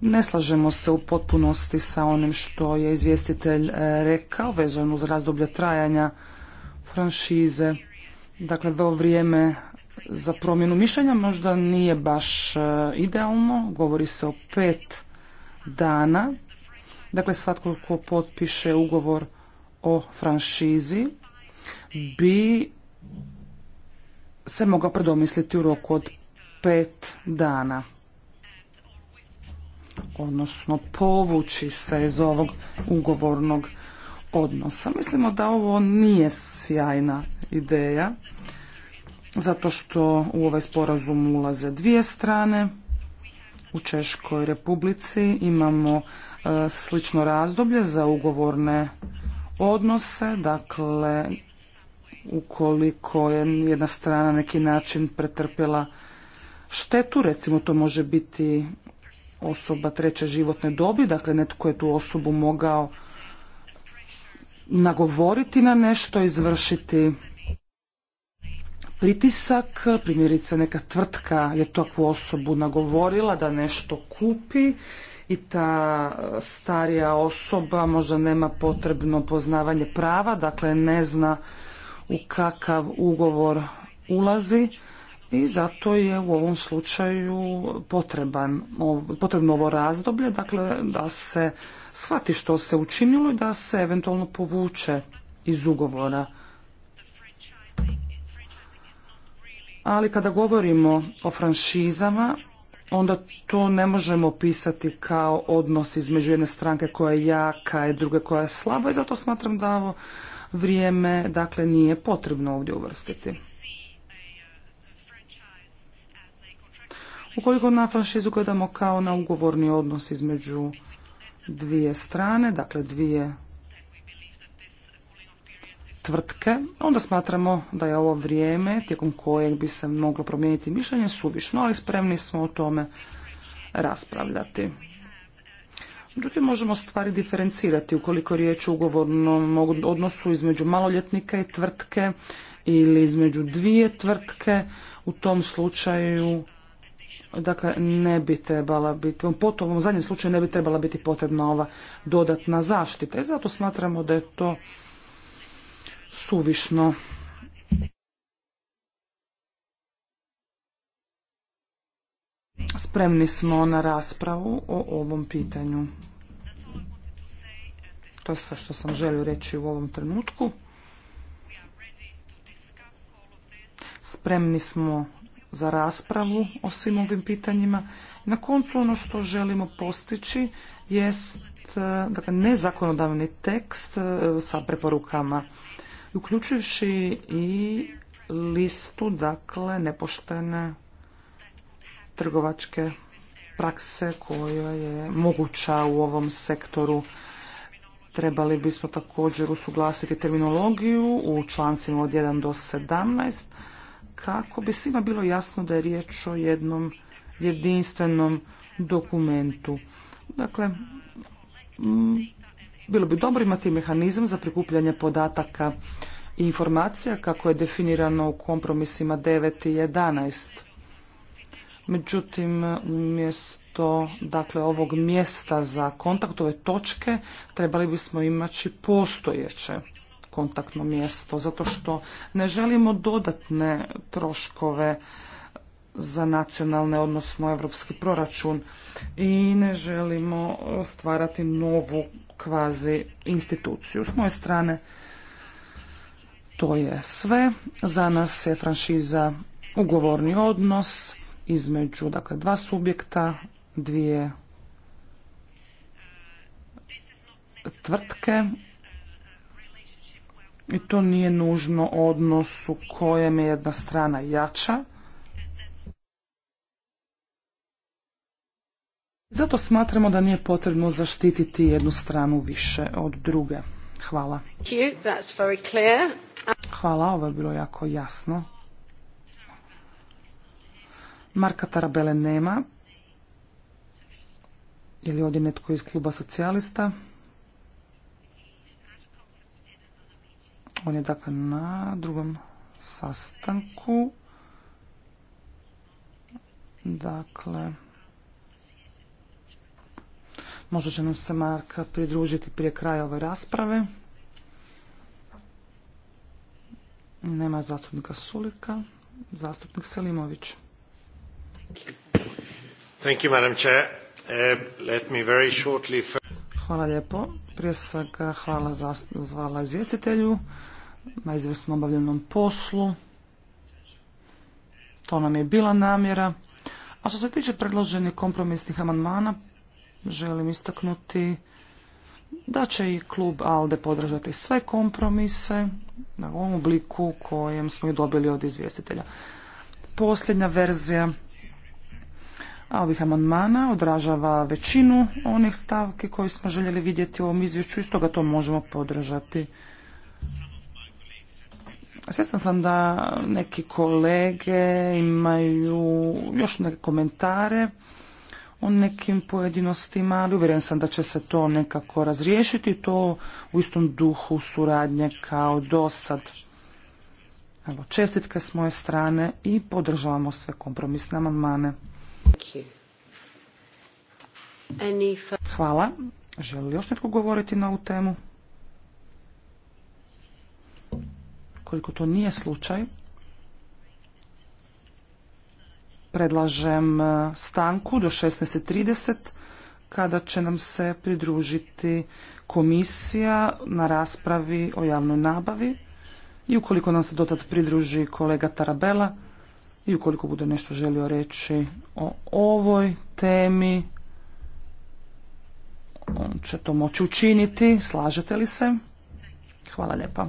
Ne slažemo se u potpunosti sa onim što je izvjestitelj e, rekao vezano uz razdoblje trajanja franšize. Dakle, do vrijeme za promjenu mišljenja možda nije baš e, idealno. Govori se o pet dana. Dakle, svatko ko potpiše ugovor o franšizi bi se mogao predomisliti u roku od pet dana odnosno povući se iz ovog ugovornog odnosa. Mislimo da ovo nije sjajna ideja, zato što u ovaj sporazum ulaze dvije strane. U Češkoj republici imamo e, slično razdoblje za ugovorne odnose, dakle ukoliko je jedna strana na neki način pretrpjela štetu, recimo to može biti osoba treće životne dobi, dakle netko je tu osobu mogao nagovoriti na nešto, izvršiti pritisak, primjerice neka tvrtka je takvu osobu nagovorila da nešto kupi i ta starija osoba možda nema potrebno poznavanje prava, dakle ne zna u kakav ugovor ulazi i zato je u ovom slučaju potreban, potrebno ovo razdoblje, dakle da se shvati što se učinilo i da se eventualno povuče iz ugovora. Ali kada govorimo o franšizama, onda to ne možemo opisati kao odnos između jedne stranke koja je jaka i druge koja je slaba i zato smatram da ovo vrijeme dakle nije potrebno ovdje uvrstiti. Ukoliko na franšizu gledamo kao na ugovorni odnos između dvije strane, dakle dvije tvrtke, onda smatramo da je ovo vrijeme tijekom kojeg bi se moglo promijeniti mišljenje suvišno, ali spremni smo o tome raspravljati. Međutim, možemo stvari diferencirati ukoliko je riječ o ugovornom odnosu između maloljetnika i tvrtke ili između dvije tvrtke. U tom slučaju dakle ne bi trebala biti, potom u zadnjem slučaju ne bi trebala biti potrebna ova dodatna zaštita i zato smatramo da je to suvišno. Spremni smo na raspravu o ovom pitanju. To je što sam želio reći u ovom trenutku. Spremni smo za raspravu o svim ovim pitanjima. Na koncu ono što želimo postići jest e, dakle, nezakonodavni tekst e, sa preporukama, uključujući i listu dakle, nepoštene trgovačke prakse koja je moguća u ovom sektoru Trebali bismo također usuglasiti terminologiju u člancima od 1 do 17 kako bi svima bilo jasno da je riječ o jednom jedinstvenom dokumentu. Dakle, bilo bi dobro imati mehanizam za prikupljanje podataka i informacija kako je definirano u kompromisima 9 i 11. Međutim, umjesto to dakle ovog mjesta za kontakt, ove točke, trebali bismo imati postojeće kontaktno mjesto, zato što ne želimo dodatne troškove za nacionalne, odnosno evropski proračun i ne želimo stvarati novu kvazi instituciju. S moje strane to je sve. Za nas je franšiza ugovorni odnos između dakle, dva subjekta dvije tvrtke i to nije nužno odnos u kojem je jedna strana jača. Zato smatramo da nije potrebno zaštititi jednu stranu više od druge. Hvala. Hvala, ovo je bilo jako jasno. Marka Tarabele nema, je li ovdje netko iz kluba socijalista? On je dakle na drugom sastanku. Dakle, možda će nam se Marka pridružiti prije kraja ove rasprave. Nema zastupnika Sulika. Zastupnik Selimović. Thank you, Madam Chair. Uh, hvala lijepo. Prije svega hvala, zvala izvjestitelju na izvrsno obavljenom poslu. To nam je bila namjera. A što se tiče predloženih kompromisnih amandmana, želim istaknuti da će i klub ALDE podržati sve kompromise na ovom obliku kojem smo i dobili od izvjestitelja. Posljednja verzija a ovih amandmana odražava većinu onih stavki koje smo željeli vidjeti u ovom izvješću i stoga to možemo podržati. svjestan sam da neki kolege imaju još neke komentare o nekim pojedinostima, ali uvjeren sam da će se to nekako razriješiti to u istom duhu suradnje kao do sad. Evo, čestitke s moje strane i podržavamo sve kompromisne amandmane. Hvala. Želi li još netko govoriti na ovu temu? Koliko to nije slučaj, predlažem e, stanku do 16.30 kada će nam se pridružiti komisija na raspravi o javnoj nabavi i ukoliko nam se dotad pridruži kolega Tarabela, i ukoliko bude nešto želio reći o ovoj temi, on će to moći učiniti. Slažete li se? Hvala lijepa.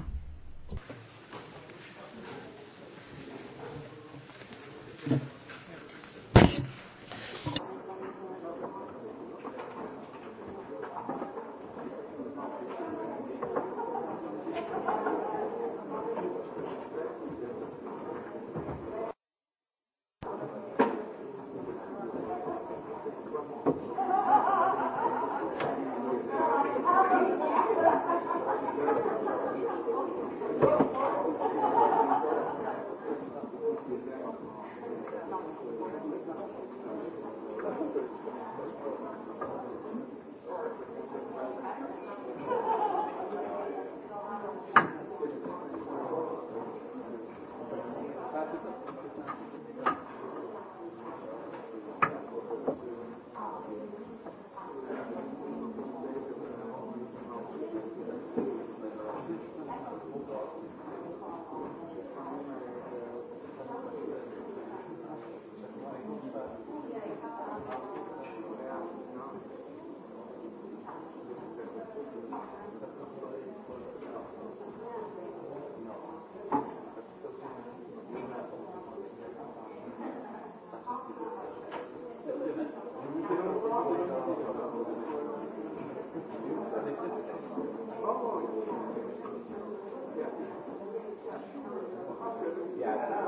na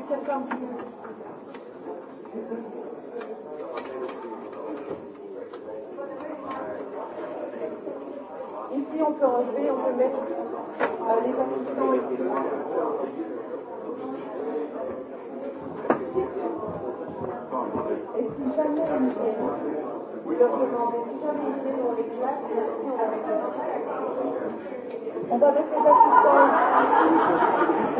Ici, on peut enlever, on peut mettre euh, les assistants ici. Et si jamais il est, leur demander, si jamais il est dans les classes, ici, on va mettre les assistants ici.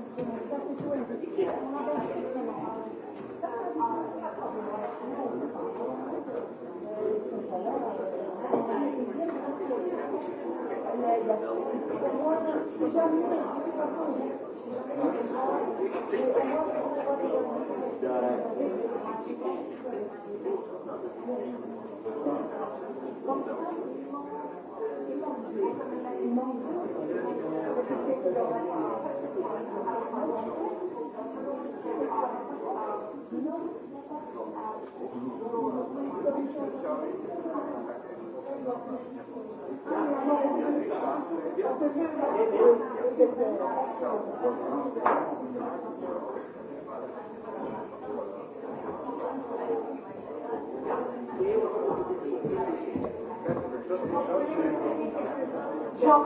Hvala Çok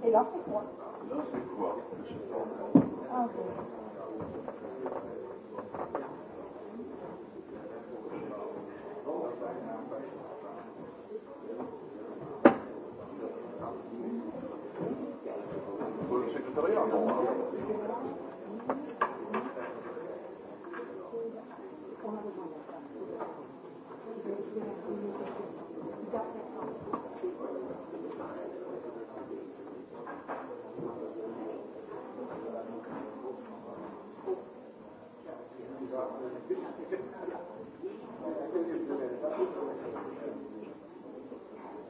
Et là,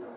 Hvala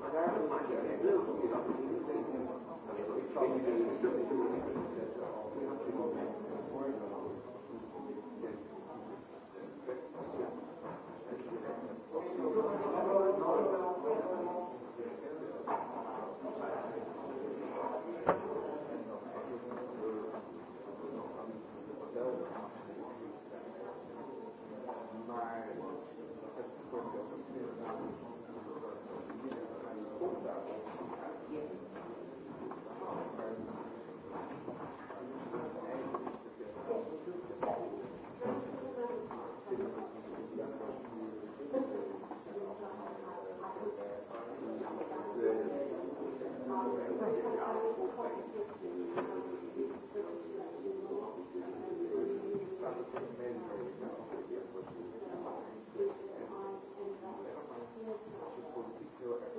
Hvala Hvala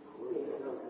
Hvala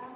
da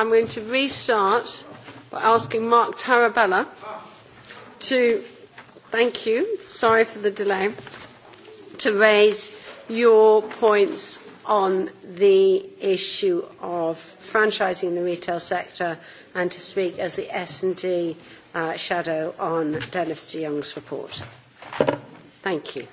I'm going to restart by asking Mark Tarabella to, thank you, sorry for the delay, to raise your points on the issue of franchising in the retail sector and to speak as the S&D D uh, shadow on Dennis de Young's report. Thank you.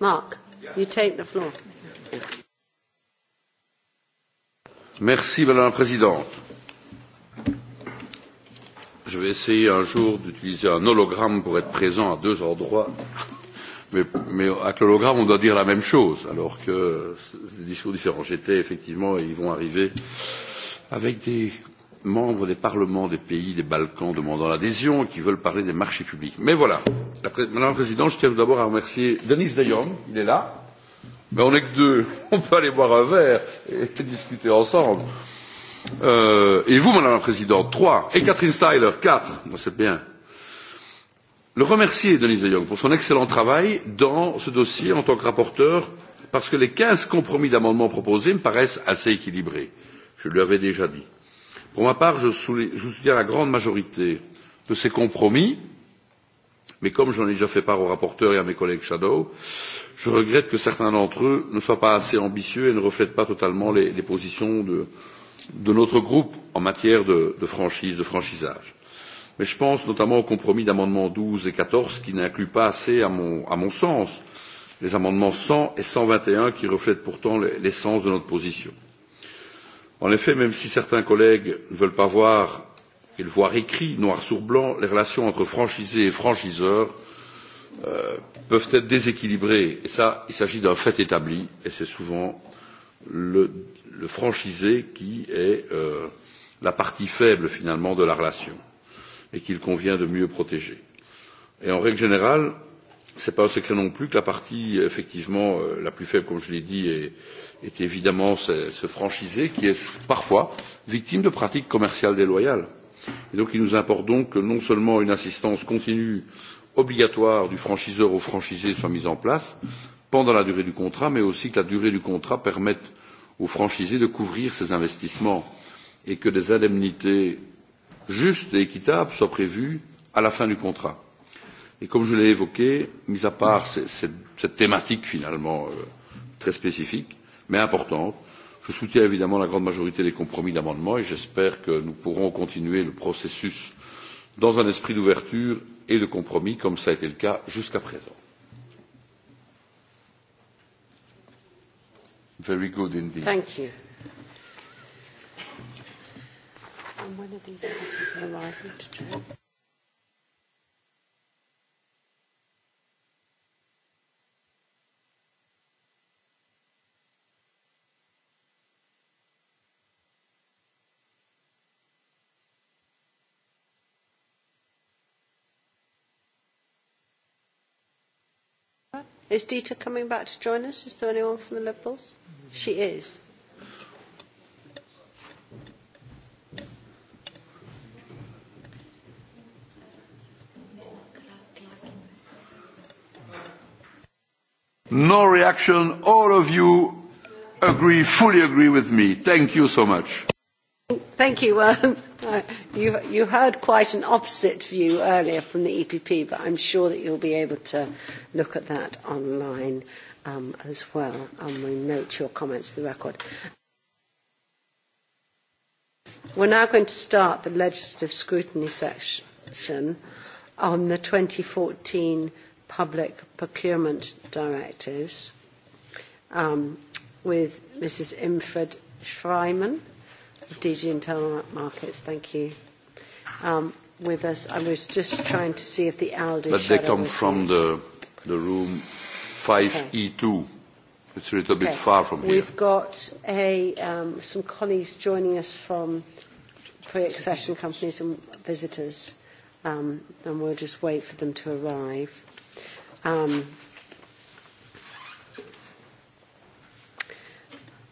Mark, you take the floor. Merci, Madame la Présidente. Je vais essayer un jour d'utiliser un hologramme pour être présent à deux endroits. Mais, mais avec l'hologramme, on doit dire la même chose, alors que c'est des discours différents. J'étais effectivement, et ils vont arriver avec des membres des parlements des pays des Balkans demandant l'adhésion et qui veulent parler des marchés publics. Mais voilà, Madame la Présidente, je tiens d'abord à remercier Denis de Jong, il est là, mais on n'est que deux, [laughs] on peut aller boire un verre et [laughs] discuter ensemble. Euh, et vous, Madame la Présidente, trois, et Catherine Styler, quatre, moi c'est bien. Le remercier, Denis de Jong, pour son excellent travail dans ce dossier en tant que rapporteur, parce que les quinze compromis d'amendements proposés me paraissent assez équilibrés. Je lui avais déjà dit pour ma part je soutiens la grande majorité de ces compromis mais comme j'en ai déjà fait part au rapporteur et à mes collègues shadow je regrette que certains d'entre eux ne soient pas assez ambitieux et ne reflètent pas totalement les, les positions de, de notre groupe en matière de, de franchise de franchisage mais je pense notamment au compromis d'amendements douze et quatorze qui n'incluent pas assez à mon, à mon sens les amendements cent et cent vingt et un qui reflètent pourtant l'essence de notre position. En effet, même si certains collègues ne veulent pas voir et le voir écrit noir sur blanc, les relations entre franchisés et franchiseurs euh, peuvent être déséquilibrées. Et ça, il s'agit d'un fait établi, et c'est souvent le, le franchisé qui est euh, la partie faible finalement de la relation, et qu'il convient de mieux protéger. Et en règle générale, Ce n'est pas un secret non plus que la partie effectivement euh, la plus faible, comme je l'ai dit, est, est évidemment ce, ce franchisé qui est parfois victime de pratiques commerciales déloyales. Et donc il nous importe donc que non seulement une assistance continue obligatoire du franchiseur au franchisé soit mise en place pendant la durée du contrat, mais aussi que la durée du contrat permette aux franchisés de couvrir ses investissements et que des indemnités justes et équitables soient prévues à la fin du contrat. Et comme je l'ai évoqué, mis à part cette thématique finalement euh, très spécifique, mais importante, je soutiens évidemment la grande majorité des compromis d'amendements et j'espère que nous pourrons continuer le processus dans un esprit d'ouverture et de compromis comme cela a été le cas jusqu'à présent. Very good indeed. Thank you. Is Dita coming back to join us? Is there anyone from the Liberals? She is. No reaction. All of you agree, fully agree with me. Thank you so much. Thank you. [laughs] you, you heard quite an opposite view earlier from the EPP, but I'm sure that you'll be able to look at that online um, as well, and we note your comments to the record. We're now going to start the legislative scrutiny section on the 2014 public procurement directives um, with Mrs. Imfred Schreiman of DG Internal Markets. Thank you. Um, with us, I was just trying to see if the ALDE. But they come from the the room 5E2. Okay. E It's a little bit far from here. We've got a um, some colleagues joining us from pre-accession companies and visitors, um, and we'll just wait for them to arrive. Um,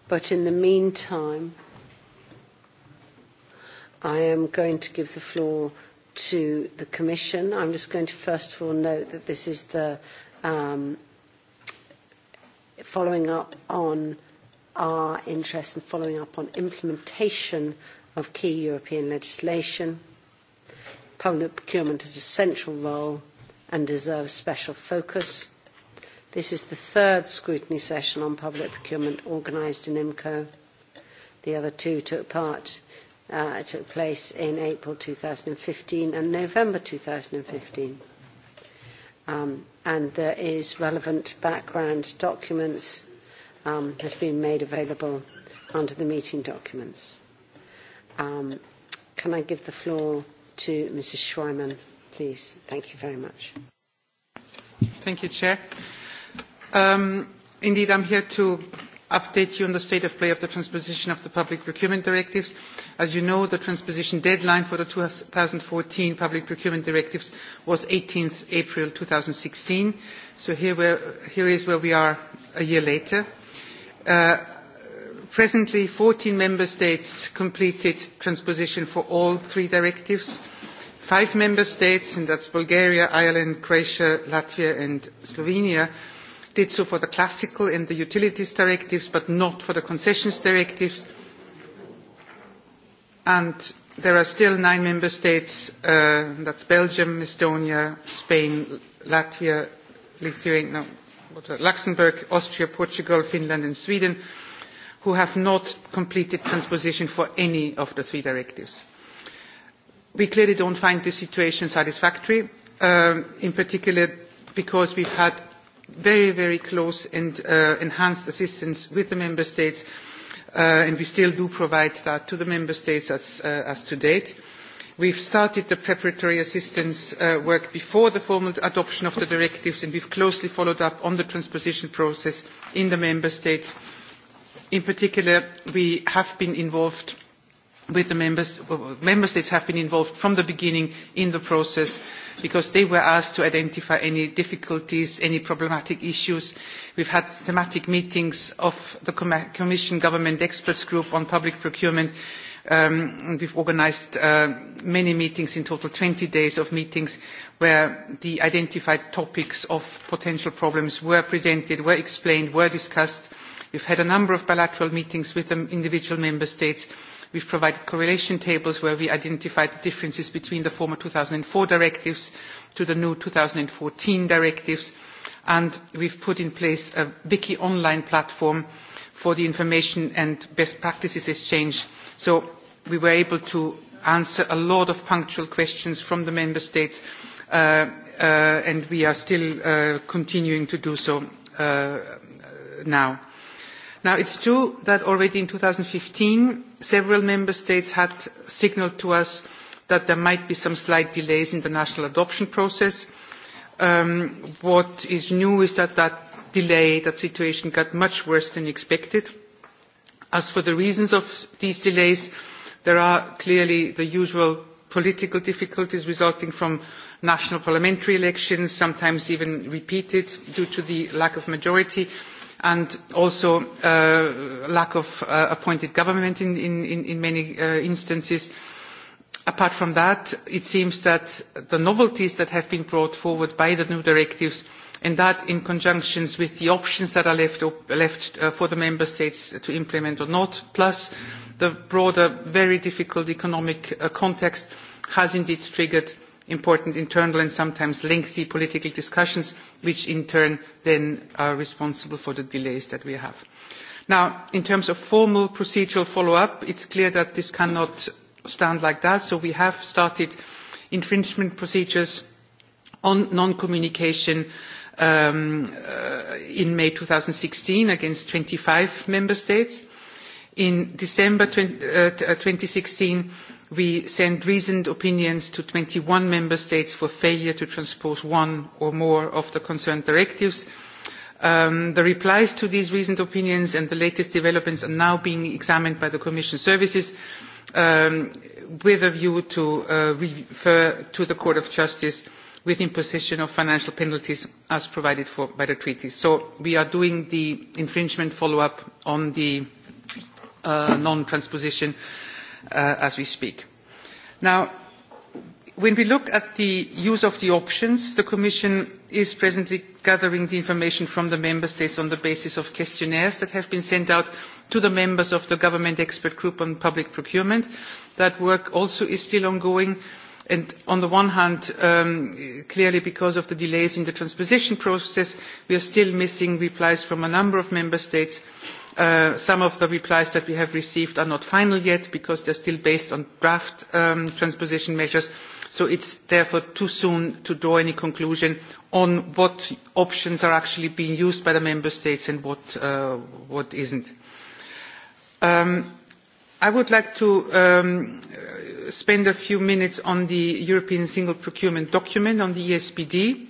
but in the meantime, i am going to give the floor to the Commission. I'm just going to first of all note that this is the um, following up on our interest and following up on implementation of key European legislation. Public procurement has a central role and deserves special focus. This is the third scrutiny session on public procurement organised in IMCO. The other two took part Uh, took place in April 2015 and November 2015. Um, and there is relevant background documents um, has been made available under the meeting documents. Um, can I give the floor to Mrs. Schweiman, please? Thank you very much. Thank you, Chair. Um, indeed, I'm here to update you on the state of play of the transposition of the public procurement directives. As you know, the transposition deadline for the 2014 public procurement directives was 18th April 2016. So here, we're, here is where we are a year later. Uh, presently, 14 member states completed transposition for all three directives. Five member states, and that's Bulgaria, Ireland, Croatia, Latvia, and Slovenia, did so for the classical and the utilities directives but not for the concessions directives and there are still nine member states uh, that's belgium estonia spain latvia lithuania uh, luxembourg austria portugal finland and sweden who have not completed transposition for any of the three directives. we clearly don't find this situation satisfactory um, in particular because we've had very, very close and uh, enhanced assistance with the member states, uh, and we still do provide that to the member states as, uh, as to date. We've started the preparatory assistance uh, work before the formal adoption of the directives, and we've closely followed up on the transposition process in the member states. In particular, we have been involved with the members member states have been involved from the beginning in the process because they were asked to identify any difficulties any problematic issues we've had thematic meetings of the commission government experts group on public procurement we um, we've organised uh, many meetings in total 20 days of meetings where the identified topics of potential problems were presented were explained were discussed we've had a number of bilateral meetings with the individual member states We've provided correlation tables where we identified the differences between the former 2004 directives to the new 2014 directives, and we've put in place a Wiki online platform for the information and best practices exchange. So we were able to answer a lot of punctual questions from the member states, uh, uh, and we are still uh, continuing to do so now. Now, it's true that already in 2015, several member states had signalled to us that there might be some slight delays in the national adoption process. Um, what is new is that that delay, that situation got much worse than expected. As for the reasons of these delays, there are clearly the usual political difficulties resulting from national parliamentary elections, sometimes even repeated due to the lack of majority, and also uh, lack of uh, appointed government in, in, in many uh, instances. Apart from that, it seems that the novelties that have been brought forward by the new directives and that in conjunction with the options that are left, left for the Member States to implement or not, plus the broader, very difficult economic context has indeed triggered important internal and sometimes lengthy political discussions which in turn then are responsible for the delays that we have. Now, in terms of formal procedural follow-up, it's clear that this cannot stand like that, so we have started infringement procedures on non-communication um, uh, in May 2016 against 25 member states. In December 20, uh, 2016, we send reasoned opinions to twenty one member states for failure to transpose one or more of the concerned directives. Um, the replies to these reasoned opinions and the latest developments are now being examined by the commission services um, with a view to uh, refer to the court of justice with imposition of financial penalties as provided for by the treaty. so we are doing the infringement follow up on the uh, non transposition Uh, as we speak. Now, when we look at the use of the options, the Commission is presently gathering the information from the Member States on the basis of questionnaires that have been sent out to the members of the Government Expert Group on Public Procurement. That work also is still ongoing on the one hand, um, clearly because of the delays in the transposition process, we are still missing replies from a number of member states. Uh, some of the replies that we have received are not final yet because they are still based on draft um, transposition measures. So it's therefore too soon to draw any conclusion on what options are actually being used by the member states and what, uh, what isn't. Um, I would like to spend a few minutes on the European Single Procurement Document, on the ESPD,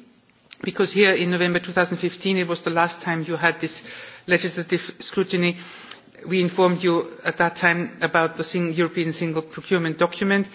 because here in November 2015, it was the last time you had this legislative scrutiny. We informed you at that time about the European Single Procurement Document.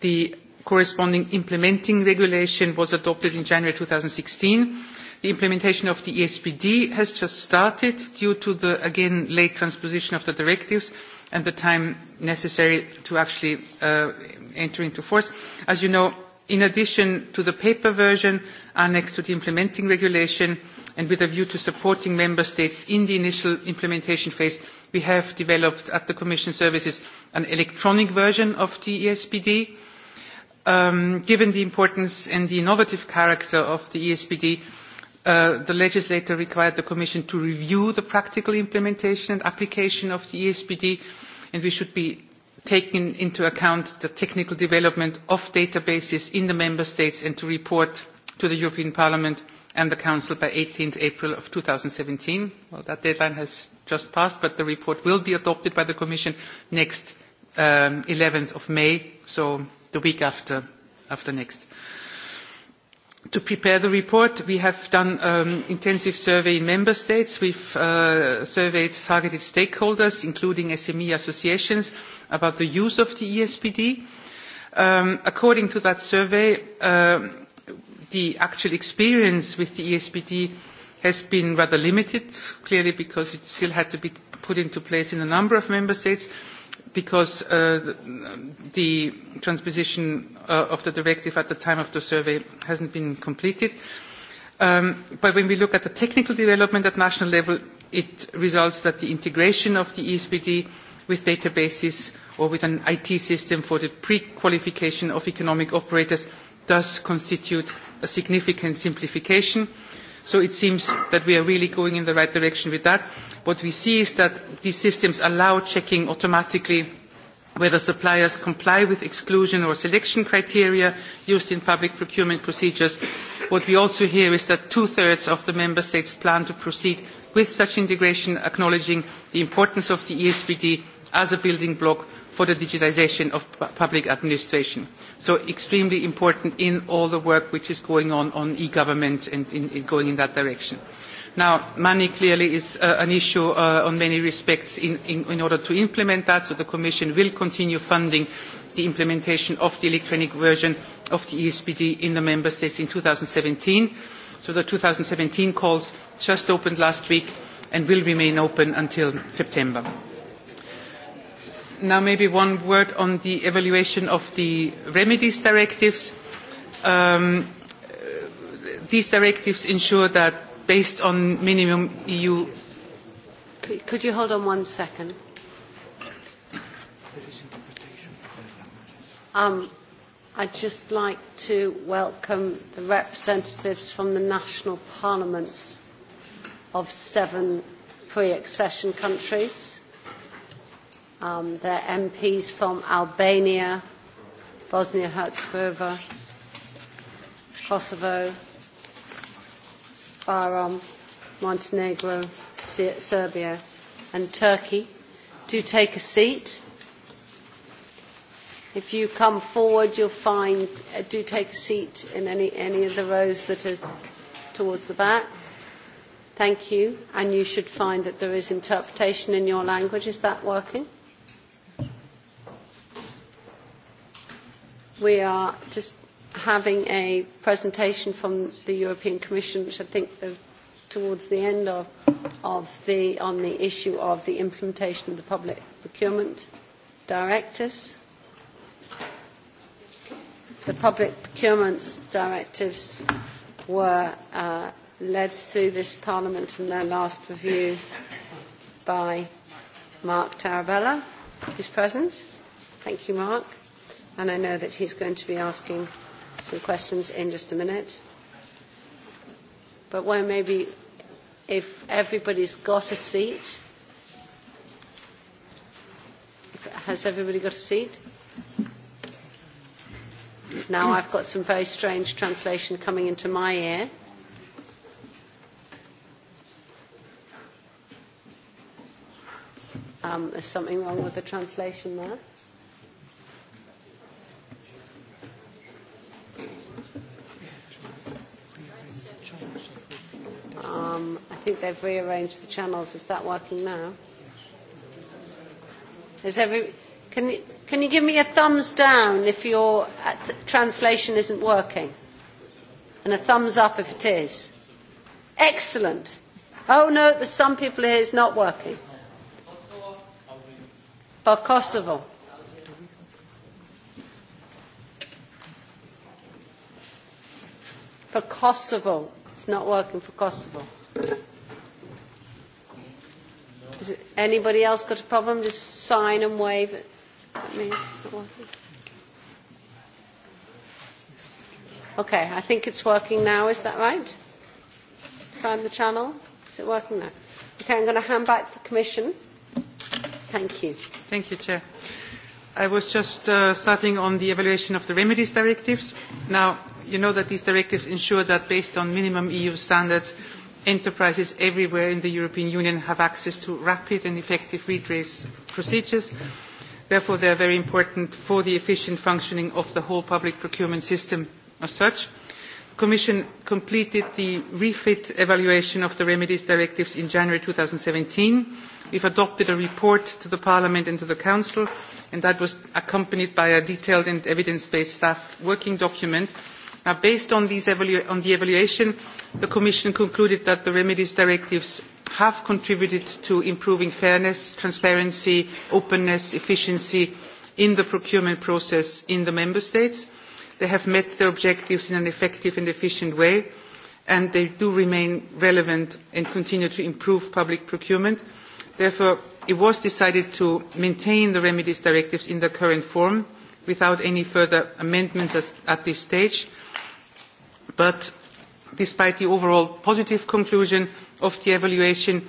The corresponding implementing regulation was adopted in January 2016. The implementation of the ESPD has just started due to the, again, late transposition of the directives and the time necessary to actually uh, enter into force. As you know, in addition to the paper version annexed to the implementing regulation and with a view to supporting member states in the initial implementation phase, we have developed at the Commission services an electronic version of the ESPD. Um, given the importance and the innovative character of the ESPD, Uh, the legislator required the Commission to review the practical implementation and application of the ESPD, and we should be taking into account the technical development of databases in the Member States and to report to the European Parliament and the Council by 18 April of 2017. Well, that deadline has just passed, but the report will be adopted by the Commission next um, 11th of May, so the week after, after next to prepare the report we have done an um, intensive survey in member states we've have uh, surveyed targeted stakeholders including sme associations about the use of the espd um, according to that survey um, the actual experience with the espd has been rather limited clearly because it still had to be put into place in a number of member states because uh, the transposition uh, of the directive at the time of the survey hasn't been completed. Um, but when we look at the technical development at national level, it results that the integration of the ESPD with databases or with an IT system for the pre-qualification of economic operators does constitute a significant simplification so it seems that we are really going in the right direction with that. what we see is that these systems allow checking automatically whether suppliers comply with exclusion or selection criteria used in public procurement procedures. what we also hear is that two thirds of the member states plan to proceed with such integration acknowledging the importance of the ESPD as a building block for the digitisation of public administration so extremely important in all the work which is going on on e-government and in, going in that direction. Now, money clearly is uh, an issue uh, on many respects in, in order to implement that, so the Commission will continue funding the implementation of the electronic version of the ESPD in the Member States in 2017. So the 2017 calls just opened last week and will remain open until September now maybe one word on the evaluation of the remedies directives. Um, these directives ensure that based on minimum EU... Could, you hold on one second? Um, I'd just like to welcome the representatives from the national parliaments of seven pre-accession countries um, they're MPs from Albania, Bosnia-Herzegovina, Kosovo, Bahrain, Montenegro, Serbia and Turkey. Do take a seat. If you come forward, you'll find, uh, do take a seat in any, any of the rows that are towards the back. Thank you. And you should find that there is interpretation in your language. Is that working? we are just having a presentation from the European Commission, which I think the, towards the end of, of the, on the issue of the implementation of the public procurement directives. The public procurement directives were uh, led through this Parliament in their last review by Mark Tarabella, who's present. Thank you, Mark and I know that he's going to be asking some questions in just a minute. But why maybe if everybody's got a seat, has everybody got a seat? Now I've got some very strange translation coming into my ear. Um, there's something wrong with the translation there. Um, I think they've rearranged the channels. Is that working now? Is every, can, you, can you give me a thumbs down if your uh, translation isn't working? And a thumbs up if it is? Excellent. Oh no, there's some people here it's not working. For oh, Kosovo. For Kosovo. It's not working for Kosovo. Is anybody else got a problem? Just sign and wave at me. Okay, I think it's working now. Is that right? Find the channel. Is it working now? Okay, I'm going to hand back to the Commission. Thank you. Thank you, Chair. I was just uh, starting on the evaluation of the remedies directives. Now, you know that these directives ensure that based on minimum EU standards, enterprises everywhere in the European Union have access to rapid and effective redress procedures. Therefore, they are very important for the efficient functioning of the whole public procurement system as such. The Commission completed the refit evaluation of the remedies directives in January 2017. We have adopted a report to the Parliament and to the Council, and that was accompanied by a detailed and evidence-based staff working document based on, the evaluation, the Commission concluded that the remedies directives have contributed to improving fairness, transparency, openness, efficiency in the procurement process in the Member States. They have met their objectives in an effective and efficient way, and they do remain relevant and continue to improve public procurement. Therefore, it was decided to maintain the remedies directives in their current form without any further amendments at this stage but despite the overall positive conclusion of the evaluation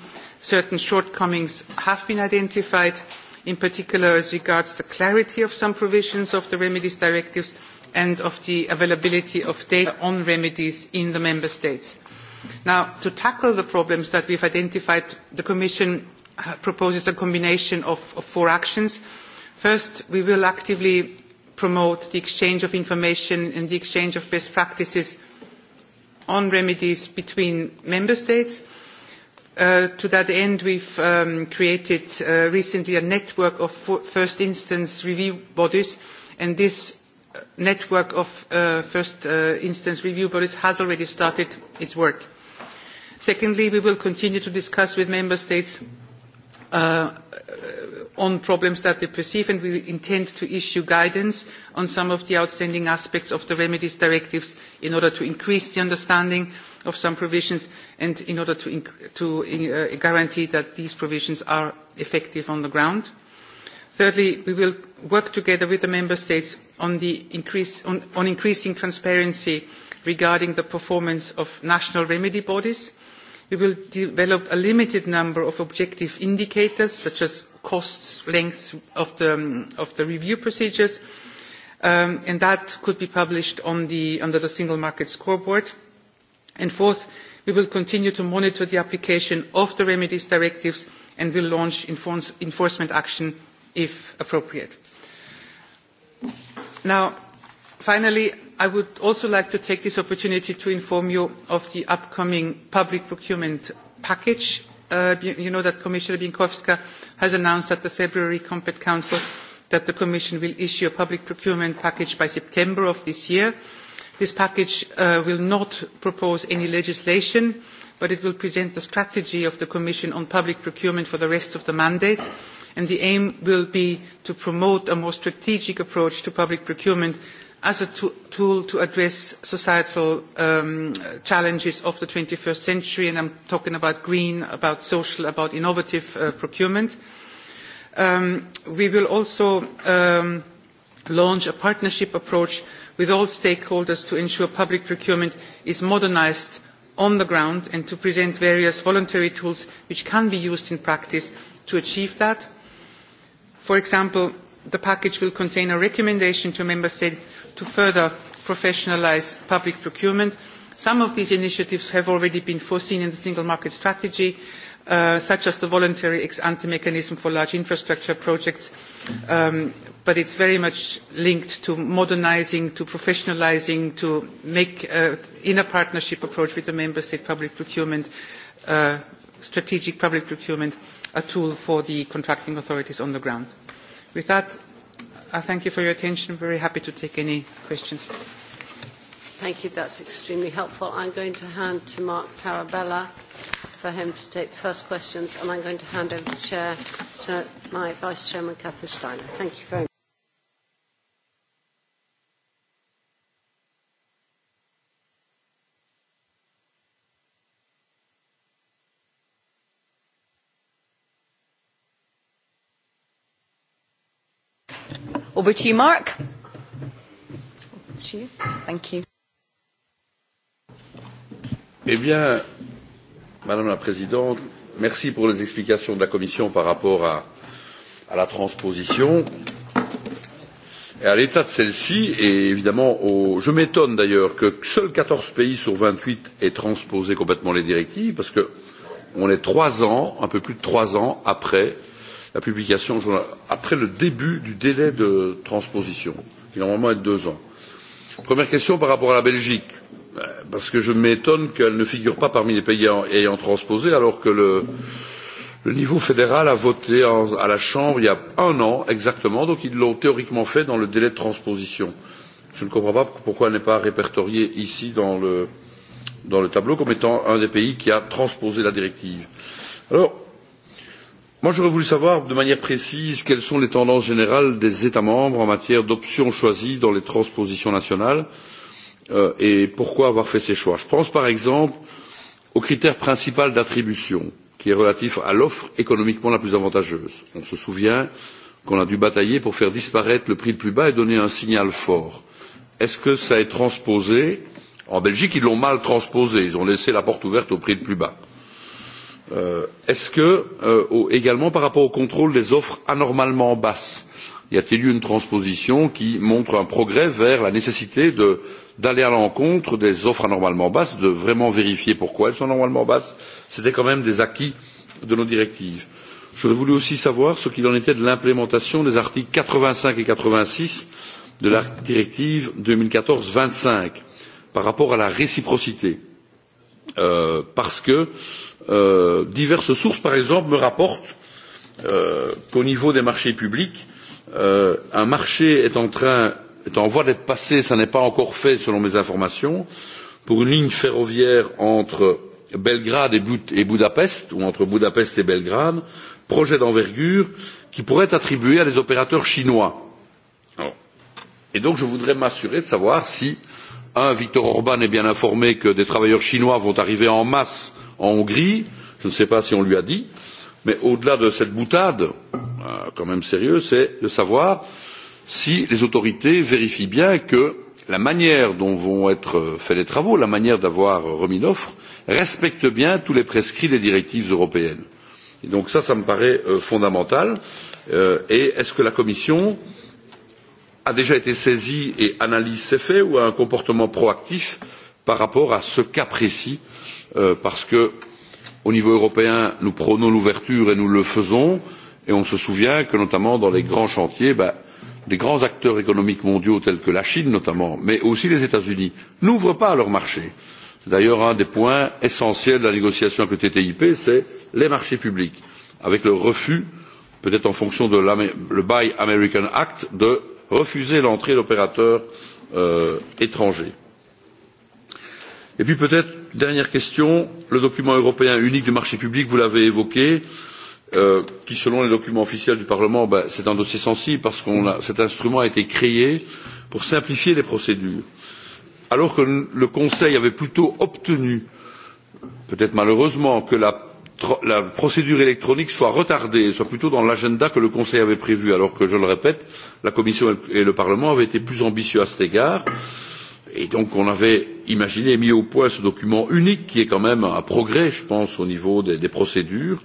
certain shortcomings have been identified in particular as regards the clarity of some provisions of the remedies directives and of the availability of data on remedies in the member states. Now, to tackle the problems that we have identified the commission uh, proposes a combination of four actions. first we will actively promote the exchange of information and the exchange of best practices on remedies between member states. Uh, to that end, we've um, created uh, recently a network of first instance review bodies, and this uh, network of first instance review bodies has already started its work. Secondly, we will continue to discuss with member states on problems that they perceive and we intend to issue guidance on some of the outstanding aspects of the remedies directives in order to increase the understanding of some provisions and in order to, uh, guarantee that these provisions are effective on the ground. Thirdly, we will work together with the Member States on, on increasing transparency regarding the performance of national remedy bodies. We will develop a limited number of objective indicators such as costs, length of the, um, review procedures, um, and that could be published under the Single Market Scoreboard. And fourth, we will continue to monitor the application of the remedies directives and will launch enforcement action if appropriate. Now, finally, I would also like to take this opportunity to inform you of the upcoming public procurement package Uh, you know that Commissioner Binkowska has announced at the February Compet Council that the Commission will issue a public procurement package by September of this year. This package uh, will not propose any legislation, but it will present the strategy of the Commission on public procurement for the rest of the mandate, and the aim will be to promote a more strategic approach to public procurement as a tool to address societal um, challenges of the 21st century, and I'm talking about green, about social, about innovative uh, procurement. Um, we will also um, launch a partnership approach with all stakeholders to ensure public procurement is modernised on the ground and to present various voluntary tools which can be used in practice to achieve that. For example, the package will contain a recommendation to member states to further professionalise public procurement. Some of these initiatives have already been foreseen in the single market strategy, uh, such as the voluntary ex ante mechanism for large infrastructure projects, but um, but it's very much linked to modernising, to professionalising, to make uh, in a partnership approach with the member state public procurement, uh, strategic public procurement, a tool for the contracting authorities on the ground. With that, i thank you for your attention. Very happy to take any questions. Thank you. That's extremely helpful. I'm going to hand to Mark Tarabella for him to take the first questions, and I'm going to hand over the chair to my vice chairman, Catherine Steiner. Thank you very much. Over to you, Mark. Thank you. Eh bien, Madame la Présidente, merci pour les explications de la Commission par rapport à, à la transposition et à l'état de celle ci et évidemment je m'étonne d'ailleurs que seuls quatorze pays sur vingt huit aient transposé complètement les directives parce que on est trois ans un peu plus de trois ans après la publication après le début du délai de transposition, qui normalement est de deux ans. Première question par rapport à la Belgique, euh, parce que je m'étonne qu'elle ne figure pas parmi les pays ayant transposé, alors que le, le niveau fédéral a voté en, à la Chambre il y a un an exactement, donc ils l'ont théoriquement fait dans le délai de transposition. Je ne comprends pas pourquoi elle n'est pas répertoriée ici dans le, dans le tableau comme étant un des pays qui a transposé la directive. Alors, Moi, j'aurais voulu savoir de manière précise quelles sont les tendances générales des États membres en matière d'options choisies dans les transpositions nationales euh, et pourquoi avoir fait ces choix. Je pense par exemple au critère principal d'attribution qui est relatif à l'offre économiquement la plus avantageuse. On se souvient qu'on a dû batailler pour faire disparaître le prix le plus bas et donner un signal fort. Est-ce que ça est transposé En Belgique, ils l'ont mal transposé. Ils ont laissé la porte ouverte au prix le plus bas. Euh, est-ce que euh, également par rapport au contrôle des offres anormalement basses y a-t-il eu une transposition qui montre un progrès vers la nécessité d'aller à l'encontre des offres anormalement basses de vraiment vérifier pourquoi elles sont anormalement basses c'était quand même des acquis de nos directives j'aurais voulu aussi savoir ce qu'il en était de l'implémentation des articles quatre vingt cinq et quatre vingt six de la directive deux mille quatorze vingt cinq par rapport à la réciprocité euh, parce que Euh, diverses sources par exemple me rapportent euh, qu'au niveau des marchés publics euh, un marché est en voie d'être passé ça n'est pas encore fait selon mes informations pour une ligne ferroviaire entre Belgrade et Budapest ou entre Budapest et Belgrade projet d'envergure qui pourrait être attribué à des opérateurs chinois. et donc je voudrais m'assurer de savoir si un Viktor Orban est bien informé que des travailleurs chinois vont arriver en masse en Hongrie, je ne sais pas si on lui a dit, mais au-delà de cette boutade, euh, quand même sérieuse, c'est de savoir si les autorités vérifient bien que la manière dont vont être faits les travaux, la manière d'avoir remis l'offre, respecte bien tous les prescrits des directives européennes. Et donc ça, ça me paraît euh, fondamental. Euh, et est-ce que la Commission a déjà été saisie et analyse ces faits ou a un comportement proactif par rapport à ce cas précis Euh, parce que au niveau européen nous prônons l'ouverture et nous le faisons et on se souvient que notamment dans les grands chantiers ben, des grands acteurs économiques mondiaux tels que la chine notamment mais aussi les états unis n'ouvrent pas leurs marchés. c'est d'ailleurs un des points essentiels de la négociation avec le ttip c'est les marchés publics avec le refus peut être en fonction de le buy american act de refuser l'entrée d'opérateurs euh, étrangers et puis peut être dernière question le document européen unique du marché public vous l'avez évoqué euh, qui selon les documents officiels du parlement ben, c'est un dossier sensible parce que cet instrument a été créé pour simplifier les procédures alors que le conseil avait plutôt obtenu peut être malheureusement que la, la procédure électronique soit retardée soit plutôt dans l'agenda que le conseil avait prévu alors que je le répète la commission et le parlement avaient été plus ambitieux à cet égard. Et donc on avait imaginé et mis au point ce document unique qui est quand même un progrès, je pense, au niveau des, procédures.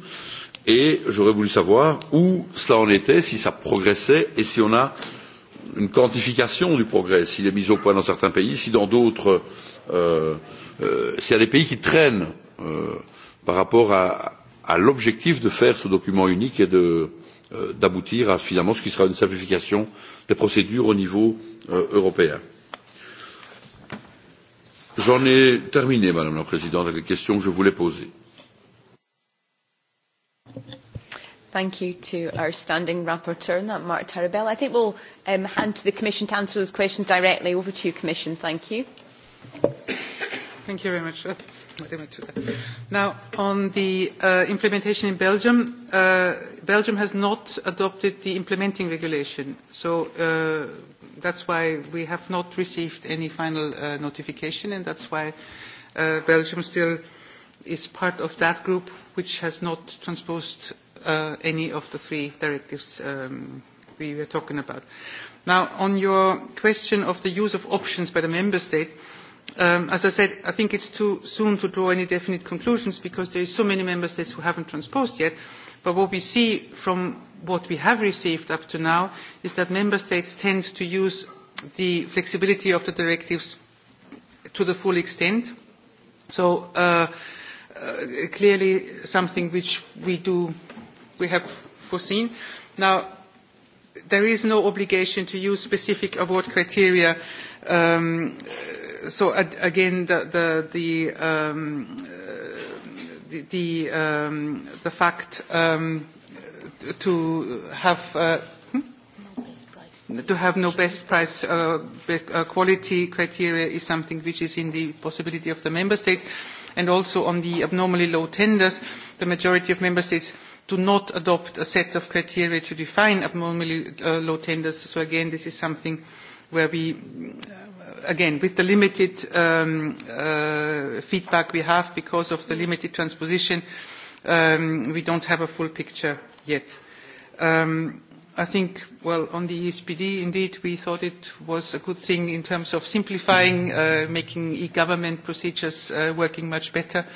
Et j'aurais voulu savoir où cela en était, si ça progressait et si on a une quantification du progrès, s'il est mis au point dans certains pays, si dans d'autres, euh, euh s'il y a des pays qui traînent euh, par rapport à, à l'objectif de faire ce document unique et de, euh, d'aboutir à finalement ce qui sera une simplification des procédures au niveau euh, européen. J'en ai terminé, Madame la Présidente, avec les questions que je voulais poser. Thank you to our standing rapporteur, Mark Tarabella. I think we'll um, hand to the Commission to answer those questions directly. Over to you, Commission. Thank you. Thank you very much. Uh, Now, on the uh, implementation in Belgium, uh, Belgium has not adopted the implementing regulation. So uh, That's why we have not received any final uh, notification, and that's why uh, Belgium still is part of that group which has not transposed uh, any of the three directives um, we were talking about. Now, on your question of the use of options by the member state, um, as I said, I think it's too soon to draw any definite conclusions because there are so many member states who haven't transposed yet. But what we see from what we have received up to now is that member states tend to use the flexibility of the directives to the full extent. So uh, uh clearly something which we do, we have foreseen. Now, there is no obligation to use specific award criteria. Um, so again, the, the, the um, Um, the, fact um, to have uh, hmm? to have no best price uh, uh, quality criteria is something which is in the possibility of the member states and also on the abnormally low tenders the majority of member states do not adopt a set of criteria to define abnormally low tenders so again this is something where we again, with the limited um, uh, feedback we have because of the limited transposition, um, we don't have a full picture yet. Um, I think, well, on the ESPD, indeed, we thought it was a good thing in terms of simplifying, uh, making e-government procedures uh, working much better.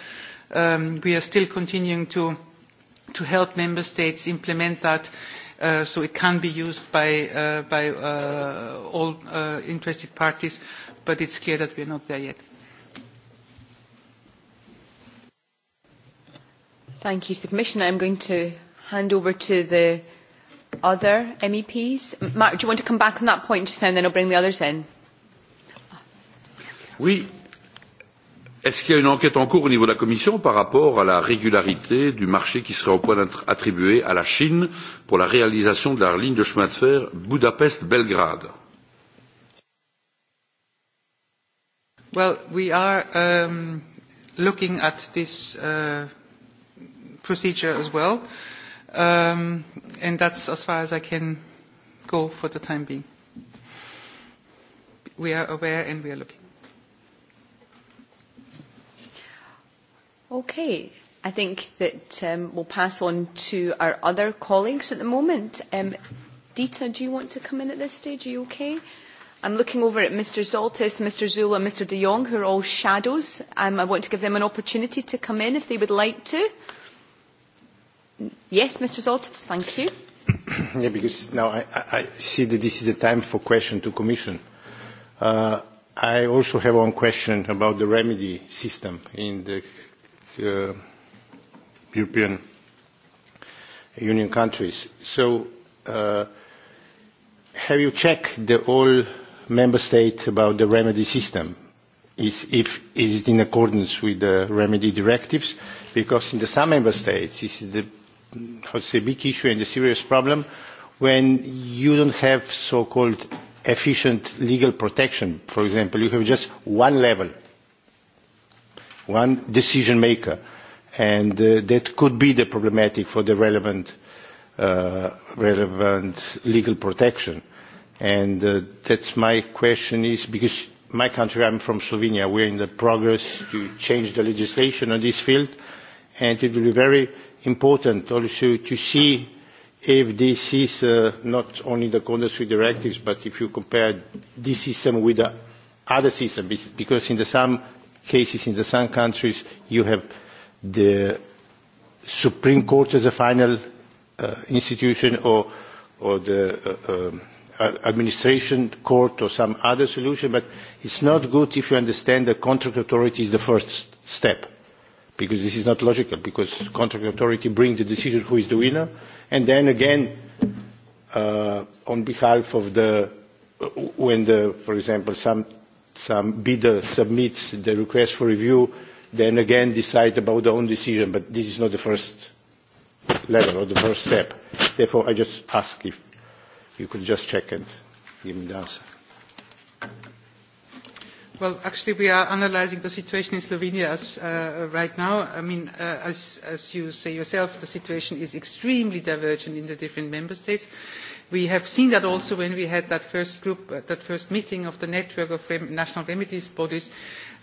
Um, we are still continuing to, to help member states implement that Uh, so it can be used by, uh, uh, all interested parties, but it's clear that we are not there yet. Thank you to the Commissioner. I'm going to hand over to the other MEPs. Mark, do you want to come back on that point just now, and then I'll bring the others in? Oui, Est-ce qu'il y a une enquête en cours au niveau de la Commission par rapport à la régularité du marché qui serait au point d'être attribué à la Chine pour la réalisation de la ligne de chemin de fer Budapest-Belgrade Well, we are um, looking at this uh, procedure as well, um, and that's as far as I can go for the time being. We are aware and we are looking. Okay. I think that um, we'll pass on to our other colleagues at the moment. Um, Dita, do you want to come in at this stage? Are you okay? I'm looking over at Mr. Zoltis, Mr. Zula, and Mr. De Jong, who are all shadows. Um, I want to give them an opportunity to come in if they would like to. Yes, Mr. Zoltis, thank you. [coughs] yeah, because now I, I see that this is a time for question to Commission. Uh, I also have one question about the remedy system in the uh, European Union countries. So uh, have you checked the all member States about the remedy system? Is, if, is it in accordance with the remedy directives? Because in the some member states, this is the how to say, big issue and a serious problem when you don't have so-called efficient legal protection. For example, you have just one level one decision maker and uh, that could be the problematic for the relevant uh, relevant legal protection and uh, that's my question is because my country I'm from Slovenia we're in the progress to change the legislation on this field and it will be very important also to see if this is not only the accordance with directives but if you compare this system with the other system because in the some cases in the some countries you have the supreme court as a final uh, institution or or the uh, uh, administration court or some other solution but it's not good if you understand that contract authority is the first step because this is not logical because contract authority brings the decision who is the winner and then again uh, on behalf of the uh, when the for example some some bidder submits the request for review, then again decide about their own decision. But this is not the first level or the first step. Therefore, I just ask if you could just check and give me the answer. Well, actually, we are analyzing the situation in Slovenia as, uh, right now. I mean, uh, as, as you say yourself, the situation is extremely divergent in the different member states we have seen that also when we had that first group uh, that first meeting of the network of national remedies bodies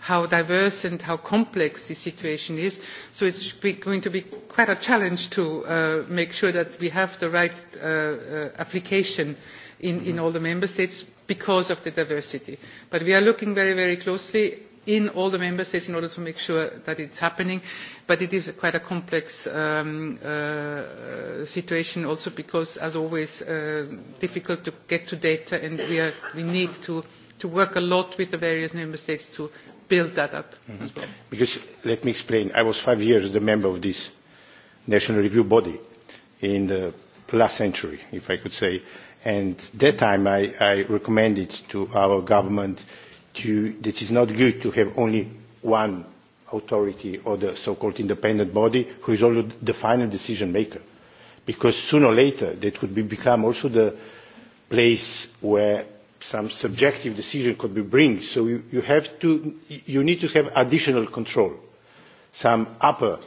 how diverse and how complex the situation is so it's going to be quite a challenge to uh, make sure that we have the right uh, uh application in, in mm-hmm. all the member states because of the diversity but we are looking very very closely in all the member states in order to make sure that it's happening. But it is quite a complex um, uh, situation also because, as always, uh, difficult to get to data and we, are, we need to, to work a lot with the various member states to build that up as mm-hmm. well. Because, let me explain, I was five years the member of this national review body in the last century, if I could say. And that time I, I recommended to our government to, that is not good to have only one authority or the so-called independent body who is also the final decision maker. Because sooner or later, that could become also the place where some subjective decision could be bring. So you, you have to, you need to have additional control, some upper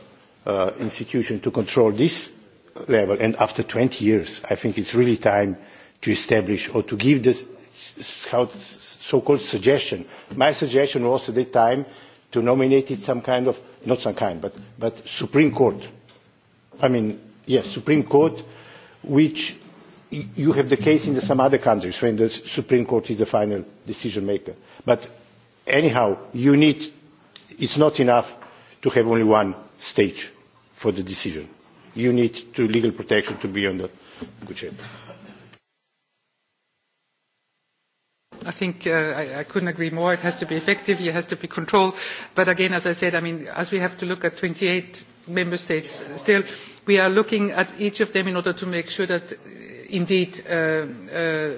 uh, institution to control this level. And after 20 years, I think it's really time to establish or to give this, how so called suggestion. My suggestion was at the time to nominate it some kind of not some kind but but Supreme Court. I mean yes, Supreme Court which you have the case in the, some other countries when the Supreme Court is the final decision maker. But anyhow you need it's not enough to have only one stage for the decision. You need to legal protection to be on the good shape. I think uh, I, I couldn't agree more. It has to be effective. It has to be controlled. But again, as I said, I mean, as we have to look at 28 member states uh, still, we are looking at each of them in order to make sure that uh, indeed uh, uh, uh,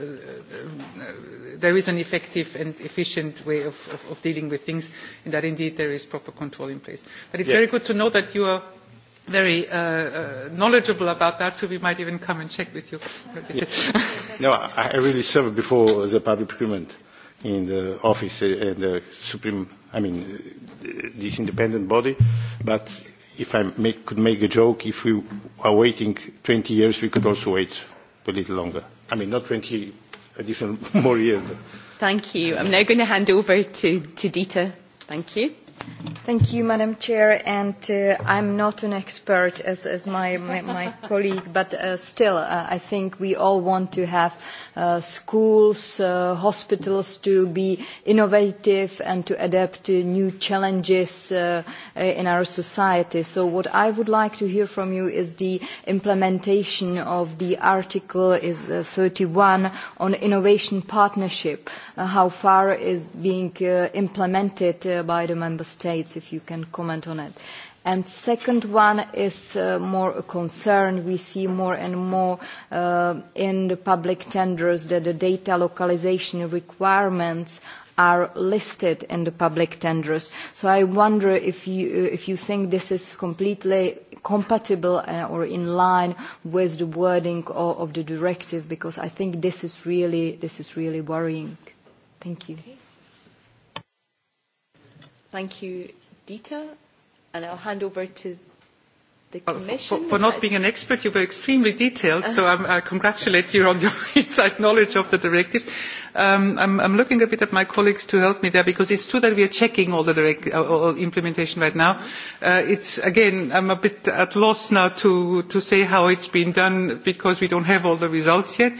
there is an effective and efficient way of, of, of dealing with things and that indeed there is proper control in place. But it's yeah. very good to know that you are very uh, uh, knowledgeable about that, so we might even come and check with you. no, I, I really served before the public procurement in the office and uh, the supreme, I mean, uh, this independent body. But if I make, could make a joke, if we are waiting 20 years, we could also wait a little longer. I mean, not 20 different [laughs] more years. Thank you. I'm now going to hand over to, to Dita. Thank you. Thank you, Madam Chair, and uh, I'm not an expert as, as my, my, my [laughs] colleague, but uh, still, uh, I think we all want to have Uh, schools, uh, hospitals to be innovative and to adapt to new challenges uh, in our society. So what I would like to hear from you is the implementation of the article is 31 on innovation partnership. How far is being implemented by the member states, if you can comment on it. And second one is uh, more a concern we see more and more uh, in the public tenders that the data localization requirements are listed in the public tenders. So I wonder if you, uh, if you think this is completely compatible or in line with the wording of, the directive, because I think this is really, this is really worrying. Thank you. Thank you, and I'll hand over to the Commission. For, for, not being an expert, you were extremely detailed, so I'm, I congratulate you on your [laughs] inside knowledge of the directive. Um, I'm, I'm looking a bit at my colleagues to help me there because it's true that we are checking all the direct, uh, all implementation right now. Uh, it's again, I'm a bit at loss now to, to say how it's been done because we don't have all the results yet.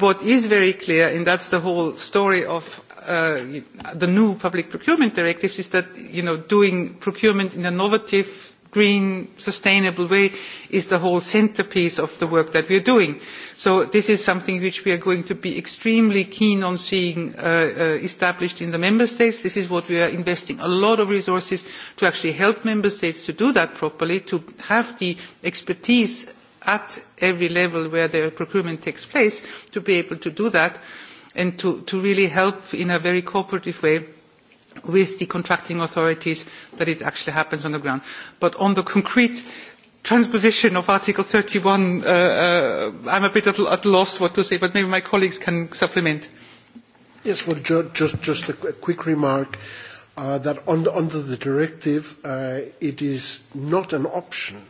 What is very clear, and that's the whole story of Uh, the new public procurement directive is that you know doing procurement in an innovative green sustainable way is the whole centerpiece of the work that we are doing so this is something which we are going to be extremely keen on seeing uh, uh, established in the member states this is what we are investing a lot of resources to actually help member states to do that properly to have the expertise at every level where their procurement takes place to be able to do that and to, really help in a very cooperative way with the contracting authorities that it actually happens on the ground. But on the concrete transposition of Article 31, one uh, uh, I'm a bit at, a loss what to say, but maybe my colleagues can supplement. Yes, well, just, just a quick remark uh, that under, the directive, it is not an option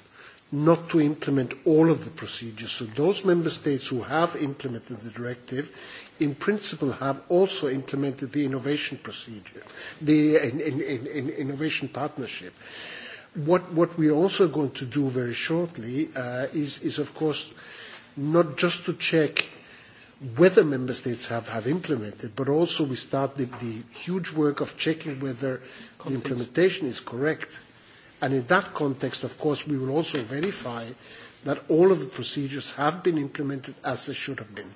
not to implement all of the procedures. So those member states who have implemented the directive, in principle have also implemented the innovation procedure, the in, in, in, innovation partnership. What, what we are also going to do very shortly uh, is, is, of course, not just to check whether member states have, have implemented, but also we start the, the huge work of checking whether the implementation is correct. And in that context, of course, we will also verify that all of the procedures have been implemented as they should have been.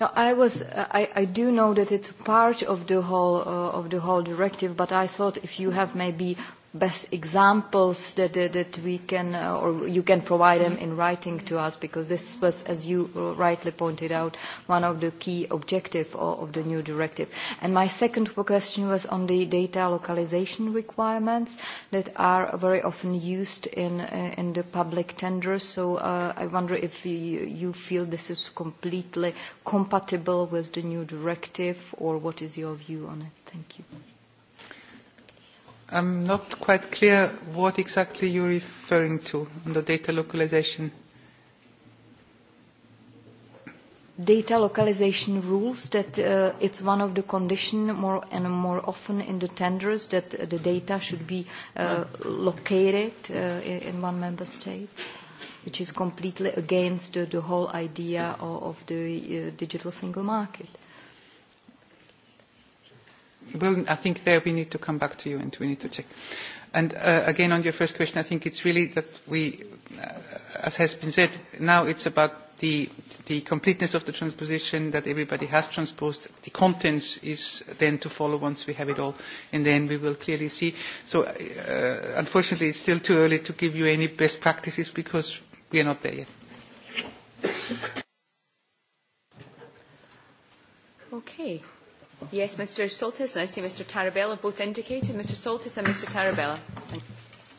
No, I was uh, I, I do know that it's part of the whole uh, of the whole directive, but I thought if you have maybe best examples that, that we can uh, or you can provide them in writing to us because this was, as you rightly pointed out, one of the key objectives of, of the new directive. And my second question was on the data localization requirements that are very often used in, uh, in the public tenders. So uh, I wonder if you, you feel this is completely compatible with the new directive or what is your view on it? Thank you. I'm not quite clear what exactly you're referring to on the data localization. Data localization rules that uh, it's one of the conditions more and more often in the tenders that uh, the data should be uh, located uh, in one member state, which is completely against the, the whole idea of, of the uh, digital single market. Well, I think there we need to come back to you and we need to check. And uh, again, on your first question, I think it's really that we, uh, as has been said, now it's about the, the completeness of the transposition, that everybody has transposed. The contents is then to follow once we have it all, and then we will clearly see. So, uh, unfortunately, it's still too early to give you any best practices because we are not there yet. Okay. Yes, Mr. Soltis, and I see Mr. Tarabella both indicated. Mr. Soltis and Mr. Tarabella.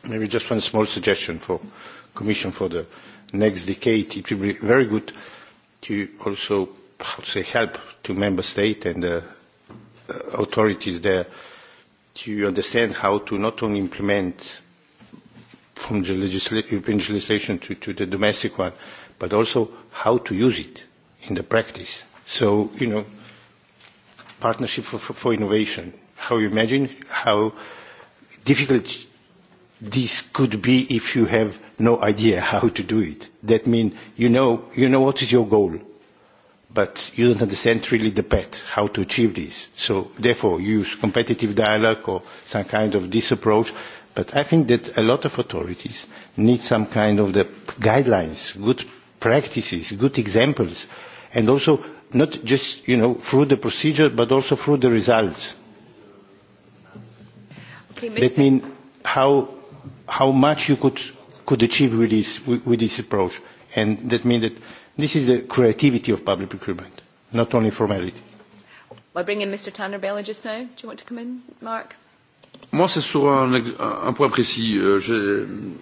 Maybe just one small suggestion for Commission for the next decade. It will be very good to also say, help to member state and the uh, uh, authorities there to understand how to not only implement from the European legislation to, to the domestic one, but also how to use it in the practice. So, you know, partnership for, for, for innovation. How you imagine how difficult this could be if you have no idea how to do it. That means you know, you know what is your goal, but you don't understand really the path, how to achieve this. So therefore, you use competitive dialogue or some kind of this approach. But I think that a lot of authorities need some kind of the guidelines, good practices, good examples, and also not just you know through the procedure but also through the results okay, that mean how how much you could could achieve with this with, with this approach and that means that this is the creativity of public procurement not only formality I bring in Mr. Tanner Bailey just now. Do you want to come in, Mark? Moi, c'est sur un, un point précis. Euh,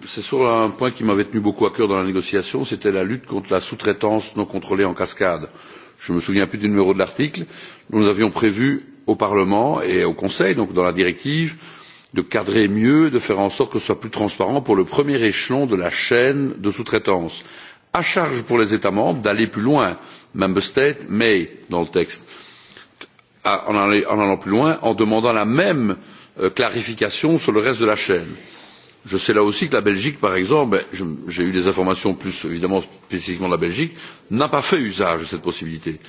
c'est sur un point qui m'avait tenu beaucoup à cœur dans la négociation, c'était la lutte contre la sous-traitance non contrôlée en cascade. Euh, je ne me souviens plus du numéro de l'article, nous avions prévu au Parlement et au Conseil, donc dans la directive, de cadrer mieux, de faire en sorte que ce soit plus transparent pour le premier échelon de la chaîne de sous-traitance. À charge pour les États membres d'aller plus loin, Member State may, dans le texte, en allant plus loin, en demandant la même euh, clarification sur le reste de la chaîne je sais là aussi que la belgique par exemple j'ai eu des informations plus évidemment spécifiquement de la belgique n'a pas fait usage de cette possibilité.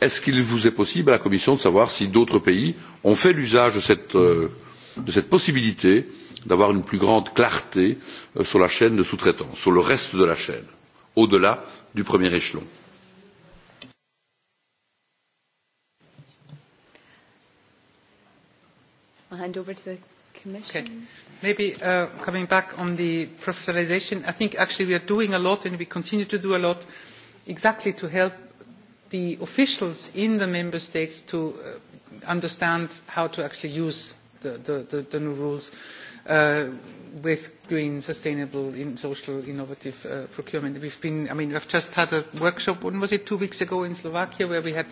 est ce qu'il vous est possible à la commission de savoir si d'autres pays ont fait l'usage de cette, euh, de cette possibilité d'avoir une plus grande clarté euh, sur la chaîne de sous traitance sur le reste de la chaîne au delà du premier échelon? Maybe uh, coming back on the professionalization, I think actually we are doing a lot and we continue to do a lot exactly to help the officials in the member states to uh, understand how to actually use the, new rules uh, with green, sustainable, and social, innovative procurement. We've been, I mean, we've just had a workshop, when was it, two weeks ago in Slovakia, where we had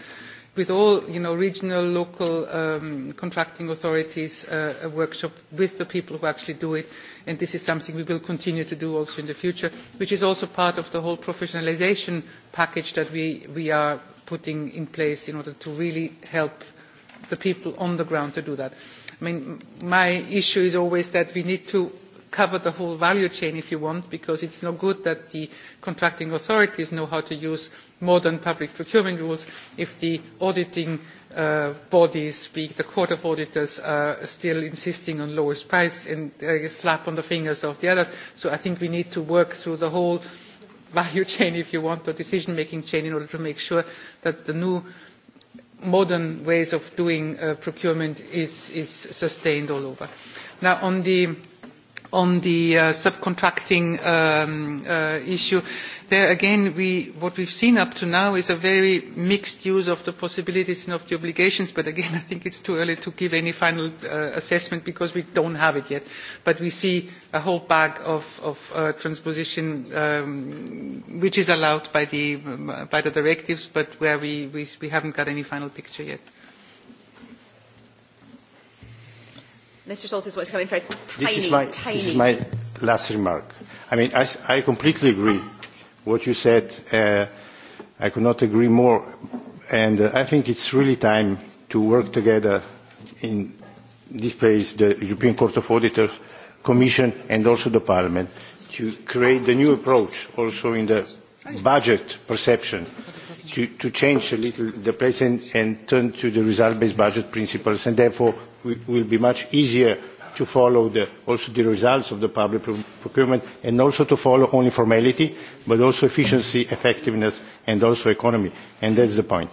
with all you know, regional, local um, contracting authorities, uh, a workshop with the people who actually do it. And this is something we will continue to do also in the future, which is also part of the whole professionalization package that we, we are putting in place in order to really help the people on the ground to do that. I mean, my issue is always that we need to cover the whole value chain if you want because it's no good that the contracting authorities know how to use modern public procurement rules if the auditing uh, bodies, be the court of auditors, are still insisting on lowest price and a slap on the fingers of the others. So I think we need to work through the whole value [laughs] chain, if you want, the decision-making chain in order to make sure that the new modern ways of doing uh, procurement is, is sustained all over. Now, on the on the uh, subcontracting um, uh, issue there again we, what we've seen up to now is a very mixed use of the possibilities and of the obligations but again [laughs] i think it's too early to give any final uh, assessment because we don't have it yet but we see a whole bag of, transposition um, which is allowed by the, um, by the directives but where we, we, we haven't got any final picture yet Mr. Soltis what's coming very tiny, this is my, tiny. This is my last remark. I mean, I, I completely agree what you said. Uh, I could not agree more. And uh, I think it's really time to work together in this place, the European Court of Auditors, Commission, and also the Parliament, to create the new approach also in the budget perception to, to change a little the place and, and turn to the result-based budget principles and therefore will be much easier to follow the, also the results of the public procurement and also to follow only formality, but also efficiency, effectiveness, and also economy. And that's the point.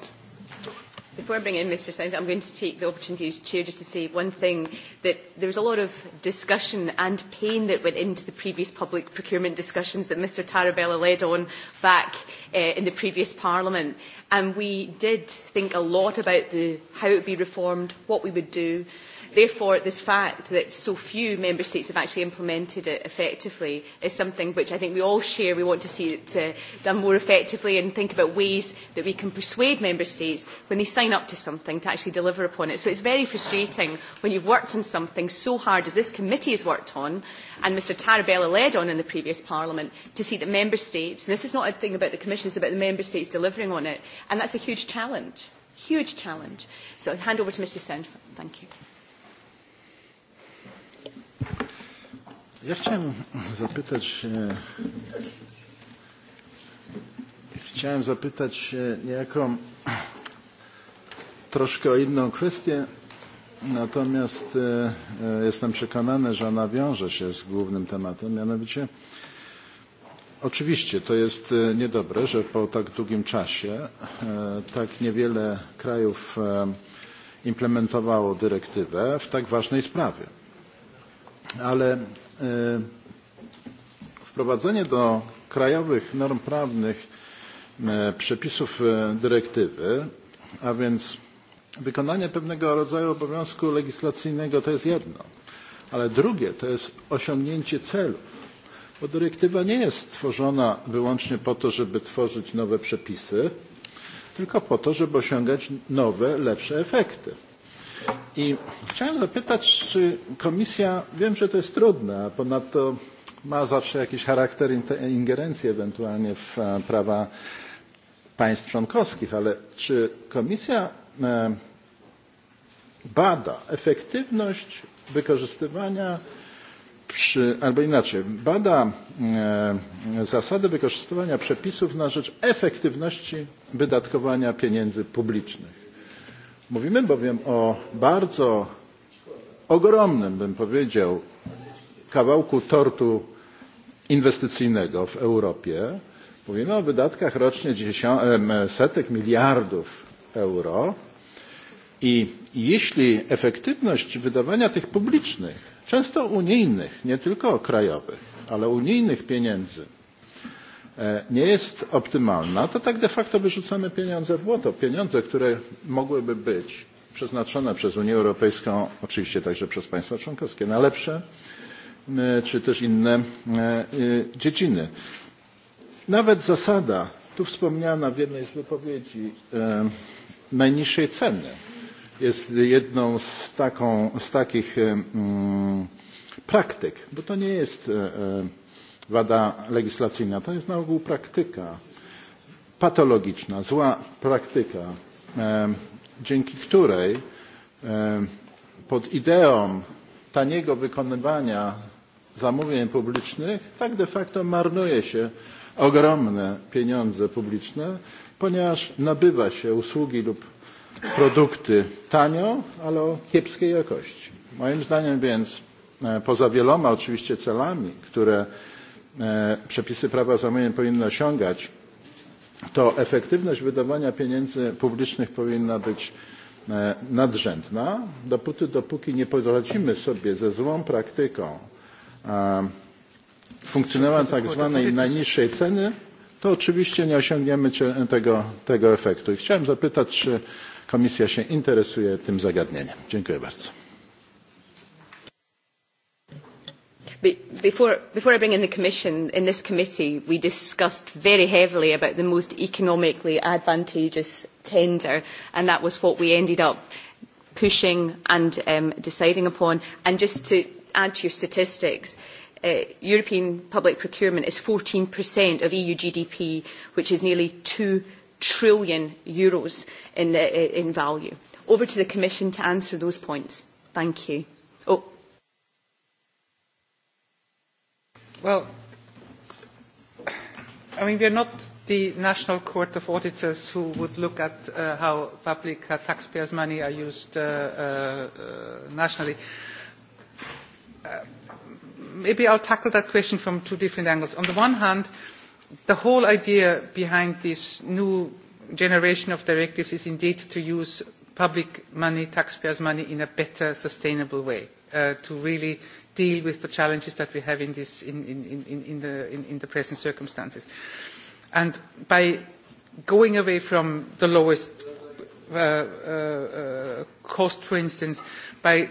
Before I bring in Mr. I I'm going to take the opportunity as chair just to say one thing, that there was a lot of discussion and pain that went into the previous public procurement discussions that Mr. Tarabella led on back uh, in the previous parliament. And we did think a lot about the, how it would be reformed, what we would do, Therefore, this fact that so few member states have actually implemented it effectively is something which I think we all share. We want to see it uh, done more effectively and think about ways that we can persuade member states when they sign up to something to actually deliver upon it. So it's very frustrating when you've worked on something so hard as this committee has worked on and Mr Tarabella led on in the previous parliament to see that member states, and this is not a thing about the commission, it's about the member states delivering on it, and that's a huge challenge. Huge challenge. So I'll hand over to Mr Sandford. Thank you. Ja chciałem zapytać, e, chciałem zapytać e, niejako troszkę o inną kwestię, natomiast e, jestem przekonany, że ona wiąże się z głównym tematem, mianowicie Oczywiście to jest niedobre, że po tak długim czasie tak niewiele krajów implementowało dyrektywę w tak ważnej sprawie ale e, wprowadzenie do krajowych norm prawnych e, przepisów e, dyrektywy a więc wykonanie pewnego rodzaju obowiązku legislacyjnego to jest jedno ale drugie to jest osiągnięcie celu bo dyrektywa nie jest tworzona wyłącznie po to żeby tworzyć nowe przepisy tylko po to żeby osiągać nowe lepsze efekty. I chciałem zapytać, czy komisja, wiem, że to jest trudne, a ponadto ma zawsze jakiś charakter ingerencji ewentualnie w e, prawa państw członkowskich, ale czy komisja e, bada efektywność wykorzystywania przy, albo inaczej, bada e, zasady wykorzystywania przepisów na rzecz efektywności wydatkowania pieniędzy publicznych. Mówimy bowiem o bardzo ogromnym, bym powiedział, kawałku tortu inwestycyjnego w Europie. Mówimy o wydatkach rocznie setek miliardów euro i jeśli efektywność wydawania tych publicznych, często unijnych, nie tylko krajowych, ale unijnych pieniędzy E, nie jest optymalna, to tak de facto wyrzucamy pieniądze w błoto. Pieniądze, które mogłyby być przeznaczone przez Unię Europejską, oczywiście także przez państwa członkowskie, na lepsze e, czy też inne e, dziedziny. Nawet zasada, tu wspomniana w jednej z wypowiedzi, najniższej ceny jest jedną z, taką, z takich praktyk, bo to nie jest wada legislacyjna to jest na ogół praktyka patologiczna, zła praktyka, dzięki której pod ideą taniego wykonywania zamówień publicznych tak de facto marnuje się ogromne pieniądze publiczne, ponieważ nabywa się usługi lub produkty tanio, ale o kiepskiej jakości. Moim zdaniem więc e, poza wieloma oczywiście celami, które E, przepisy prawa zamówień powinny osiągać, to efektywność wydawania pieniędzy publicznych powinna być e, nadrzędna, dopóty dopóki nie poradzimy sobie ze złą praktyką e, funkcjonowania tak zwanej najniższej ceny, to oczywiście nie osiągniemy tego, efektu. I chciałem zapytać, czy Komisja się interesuje tym zagadnieniem. Dziękuję bardzo. Before, before I bring in the Commission, in this committee, we discussed very heavily about the most economically advantageous tender, and that was what we ended up pushing and um, deciding upon. And just to add to your statistics, uh, European public procurement is 14% of EU GDP, which is nearly two trillion euros uh, in, value. Over to the Commission to answer those points. Thank you. Oh, Well, I mean, we are not the National Court of Auditors who would look at uh, how public uh, taxpayers' money are used uh, uh nationally. Uh, maybe I'll tackle that question from two different angles. On the one hand, the whole idea behind this new generation of directives is indeed to use public money, taxpayers' money, in a better, sustainable way uh, to really deal with the challenges that we have in, this, in, in, in the, in the present circumstances. And by going away from the lowest uh, uh, uh, cost for instance by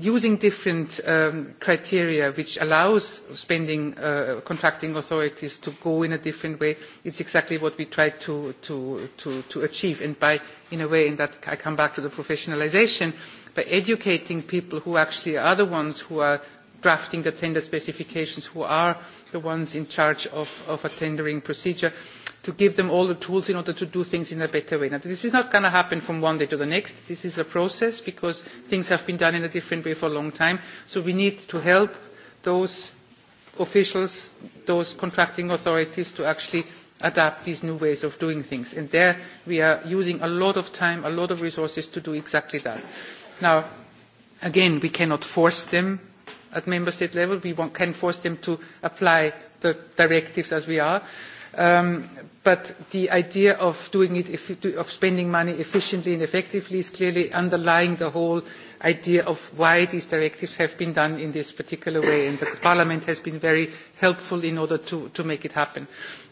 using different um, criteria which allows spending uh, contracting authorities to go in a different way it's exactly what we try to, to, to, to achieve and by in a way in that I come back to the professionalisation by educating people who actually are the ones who are drafting the tender specifications, who are the ones in charge of, of a tendering procedure, to give them all the tools in order to do things in a better way. Now, this is not going to happen from one day to the next. This is a process because things have been done in a different way for a long time. So we need to help those officials, those contracting authorities to actually adapt these new ways of doing things. And there we are using a lot of time, a lot of resources to do exactly that. Now, again, we cannot force them at member state level. We can force them to apply the directives as we are. Um, but the idea of doing it, of spending money efficiently and effectively is clearly underlying the whole idea of why these directives have been done in this particular way. And the Parliament has been very helpful in order to, to make it happen.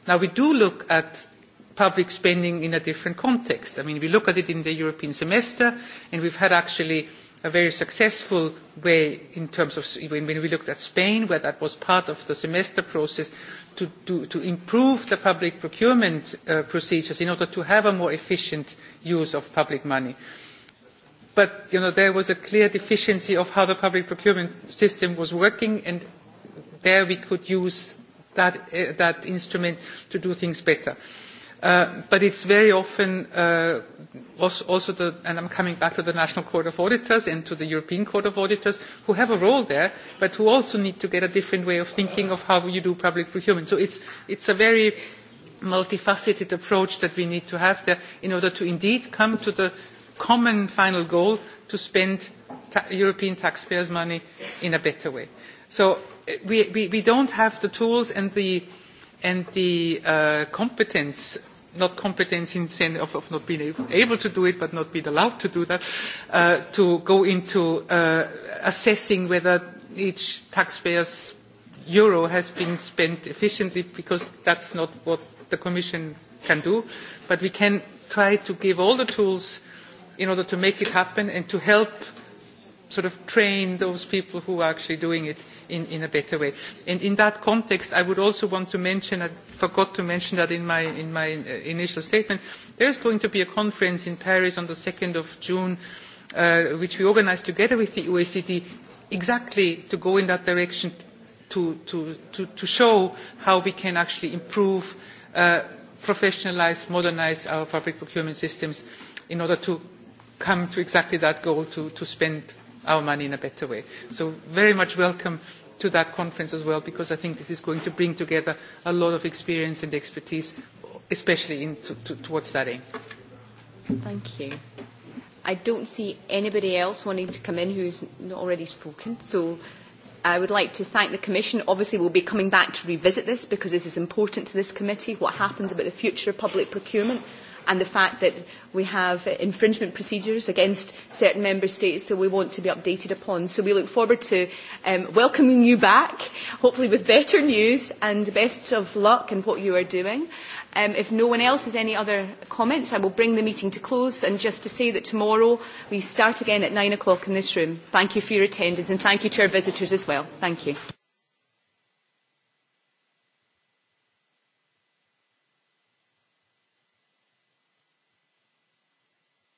Now, we do look at public spending in a different context. I mean, we look at it in the European semester, and we've had actually a very successful way in terms of when we looked at Spain, where that was part of the semester process, to, to, improve the public procurement uh, procedures in order to have a more efficient use of public money. But, you know, there was a clear deficiency of how the public procurement system was working, and there we could use that, uh, that instrument to do things better. Uh, but it's very often uh, also, also the, and I'm coming back to the National Court of Auditors and to the European Court of Auditors, who have a role there, but who also need to get a different way of thinking of how you do public procurement. So it's, it's a very multifaceted approach that we need to have there in order to indeed come to the common final goal to spend European taxpayers' money in a better way. So uh, we, we, we don't have the tools and the, and the uh, competence not competence in the sense of, of not being able to do it but not being allowed to do that, uh, to go into uh, assessing whether each taxpayer's euro has been spent efficiently because that's not what the Commission can do. But we can try to give all the tools in order to make it happen and to help sort of train those people who are actually doing it in, a better way. And in that context, I would also want to mention, I forgot to mention that in my, in my uh, initial statement, there is going to be a conference in Paris on the 2nd of June, uh, which we organized together with the OECD, exactly to go in that direction, to, to, to, to show how we can actually improve, uh, professionalize, modernize our public procurement systems in order to come to exactly that goal to, to spend our money in a better way. So very much welcome to that conference as well because I think this is going to bring together a lot of experience and expertise, especially in to, to, towards that aim. Thank you. I don't see anybody else wanting to come in who's not already spoken, so I would like to thank the Commission. Obviously, we'll be coming back to revisit this because this is important to this committee, what happens about the future of public procurement and the fact that we have infringement procedures against certain member states that we want to be updated upon. So we look forward to um, welcoming you back, hopefully with better news and best of luck in what you are doing. Um, if no one else has any other comments, I will bring the meeting to close and just to say that tomorrow we start again at nine o'clock in this room. Thank you for your attendance and thank you to our visitors as well. Thank you.